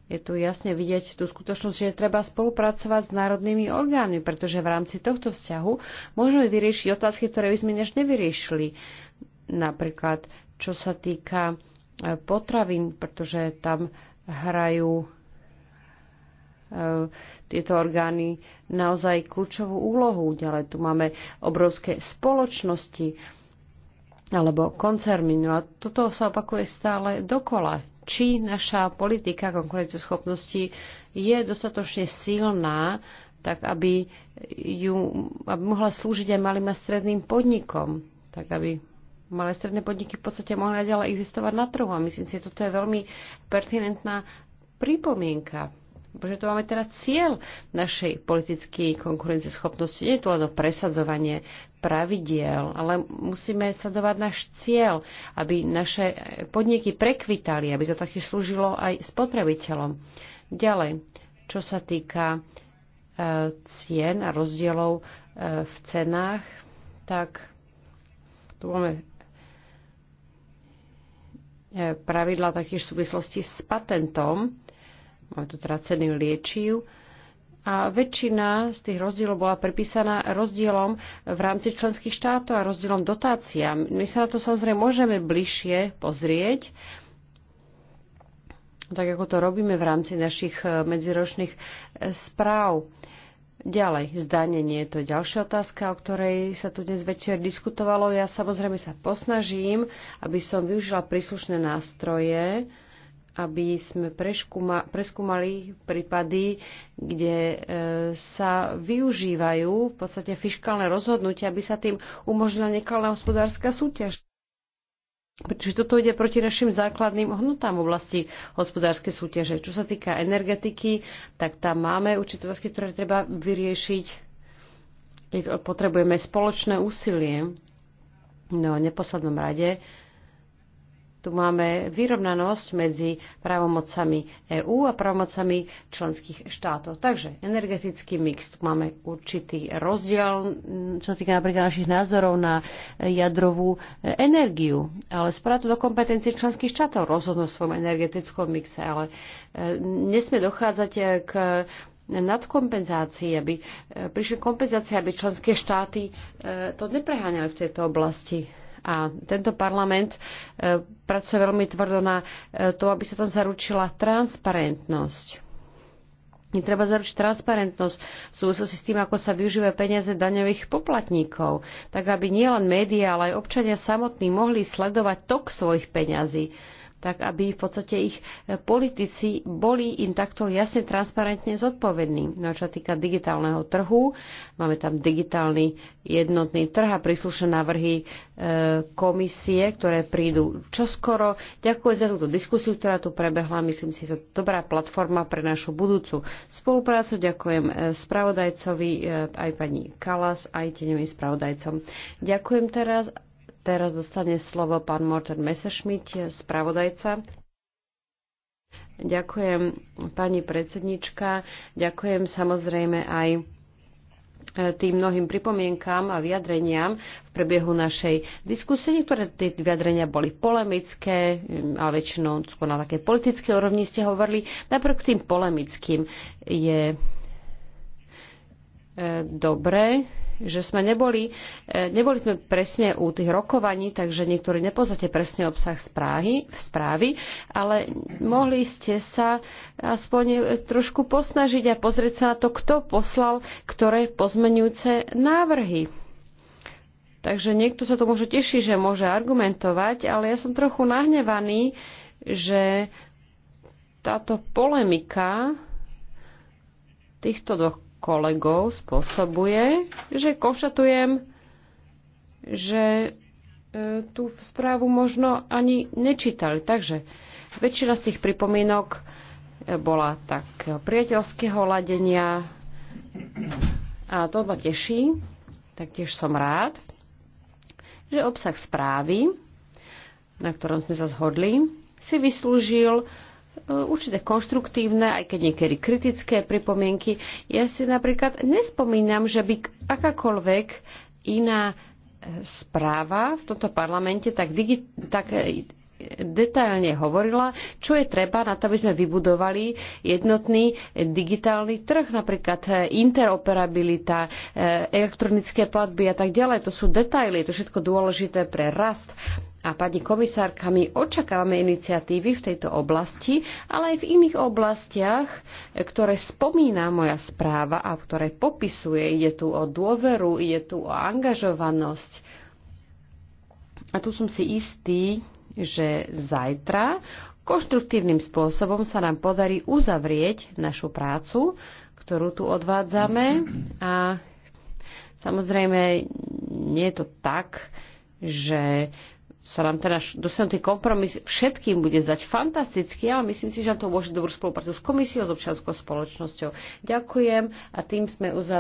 je tu jasne vidieť tú skutočnosť, že treba spolupracovať s národnými orgánmi, pretože v rámci tohto vzťahu môžeme vyriešiť otázky, ktoré by sme než nevyriešili. Napríklad, čo sa týka e, potravín, pretože tam hrajú E, tieto orgány naozaj kľúčovú úlohu. Ďalej tu máme obrovské spoločnosti alebo koncerny. No a toto sa opakuje stále dokola. Či naša politika konkurenceschopnosti je dostatočne silná, tak aby, ju, aby mohla slúžiť aj malým a stredným podnikom, tak aby malé stredné podniky v podstate mohli ďalej existovať na trhu. A myslím si, že toto je veľmi pertinentná pripomienka že to máme teda cieľ našej politickej konkurenceschopnosti. Nie je to len o presadzovanie pravidiel, ale musíme sledovať náš cieľ, aby naše podniky prekvitali, aby to taky slúžilo aj spotrebiteľom. Ďalej, čo sa týka e, cien a rozdielov e, v cenách, tak tu máme e, pravidla takých v súvislosti s patentom máme tu teda ceny liečiv, a väčšina z tých rozdielov bola prepísaná rozdielom v rámci členských štátov a rozdielom dotácia. My sa na to samozrejme môžeme bližšie pozrieť, tak ako to robíme v rámci našich eh, medziročných eh, správ. Ďalej, zdanenie, to je ďalšia otázka, o ktorej sa tu dnes večer diskutovalo. Ja samozrejme sa posnažím, aby som využila príslušné nástroje, aby sme preškuma, preskúmali prípady, kde e, sa využívajú v podstate fiskálne rozhodnutia, aby sa tým umožnila nekalá hospodárska súťaž. Pretože toto ide proti našim základným hodnotám v oblasti hospodárskej súťaže. Čo sa týka energetiky, tak tam máme určité otázky, ktoré treba vyriešiť. Potrebujeme spoločné úsilie. No a v neposlednom rade tu máme vyrovnanosť medzi právomocami EÚ a právomocami členských štátov. Takže energetický mix. Tu máme určitý rozdiel, čo sa týka napríklad našich názorov na jadrovú energiu. Ale spadá to do kompetencie členských štátov rozhodnú v svojom energetickom mixe, ale e, nesmie dochádzať e, k nadkompenzácii, aby e, prišli kompenzácie, aby členské štáty to nepreháňali v tejto oblasti. A tento parlament e, pracuje veľmi tvrdo na e, to, aby sa tam zaručila transparentnosť. treba zaručiť transparentnosť v súvislosti s tým, ako sa využívajú peniaze daňových poplatníkov, tak aby nielen médiá, ale aj občania samotní mohli sledovať tok svojich peňazí tak aby v podstate ich e, politici boli im takto jasne transparentne zodpovední. No čo sa týka digitálneho trhu, máme tam digitálny jednotný trh a príslušné návrhy e, komisie, ktoré prídu čoskoro. Ďakujem za túto diskusiu, ktorá tu prebehla. Myslím si, že to dobrá platforma pre našu budúcu spoluprácu. Ďakujem e, spravodajcovi, aj pani Kalas, aj teňovým spravodajcom. Ďakujem teraz Teraz dostane slovo pán Morten Messerschmidt, spravodajca. Ďakujem pani predsednička, ďakujem samozrejme aj e, tým mnohým pripomienkám a vyjadreniam v priebehu našej diskusie. Niektoré tie vyjadrenia boli polemické, ale väčšinou skôr na také politické úrovni ste hovorili. Najprv k tým polemickým je e, dobré, že sme neboli, e, neboli sme presne u tých rokovaní, takže niektorí nepoznáte presne obsah správy, správy, ale mohli ste sa aspoň trošku posnažiť a pozrieť sa na to, kto poslal ktoré pozmenujúce návrhy. Takže niekto sa to môže tešiť, že môže argumentovať, ale ja som trochu nahnevaný, že táto polemika týchto dvoch kolegov spôsobuje, že konštatujem, že e, tú správu možno ani nečítali. Takže väčšina z tých pripomienok e, bola tak priateľského ladenia a to ma teší, taktiež som rád, že obsah správy, na ktorom sme sa zhodli, si vyslúžil E, určité konštruktívne, aj keď niekedy kritické pripomienky. Ja si napríklad nespomínam, že by akákoľvek iná e, správa v tomto parlamente tak, digi- tak e, detailne hovorila, čo je treba na to, aby sme vybudovali jednotný digitálny trh, napríklad interoperabilita, elektronické platby a tak ďalej. To sú detaily, je to všetko dôležité pre rast a pani komisárka, my očakávame iniciatívy v tejto oblasti, ale aj v iných oblastiach, ktoré spomína moja správa a ktoré popisuje. Ide tu o dôveru, ide tu o angažovanosť. A tu som si istý, že zajtra konštruktívnym spôsobom sa nám podarí uzavrieť našu prácu, ktorú tu odvádzame. A samozrejme, nie je to tak, že sa nám teda tie kompromis všetkým bude zdať fantasticky, ale myslím si, že to môže dobrú spoluprácu s komisiou, s občianskou spoločnosťou. Ďakujem a tým sme uzavreli.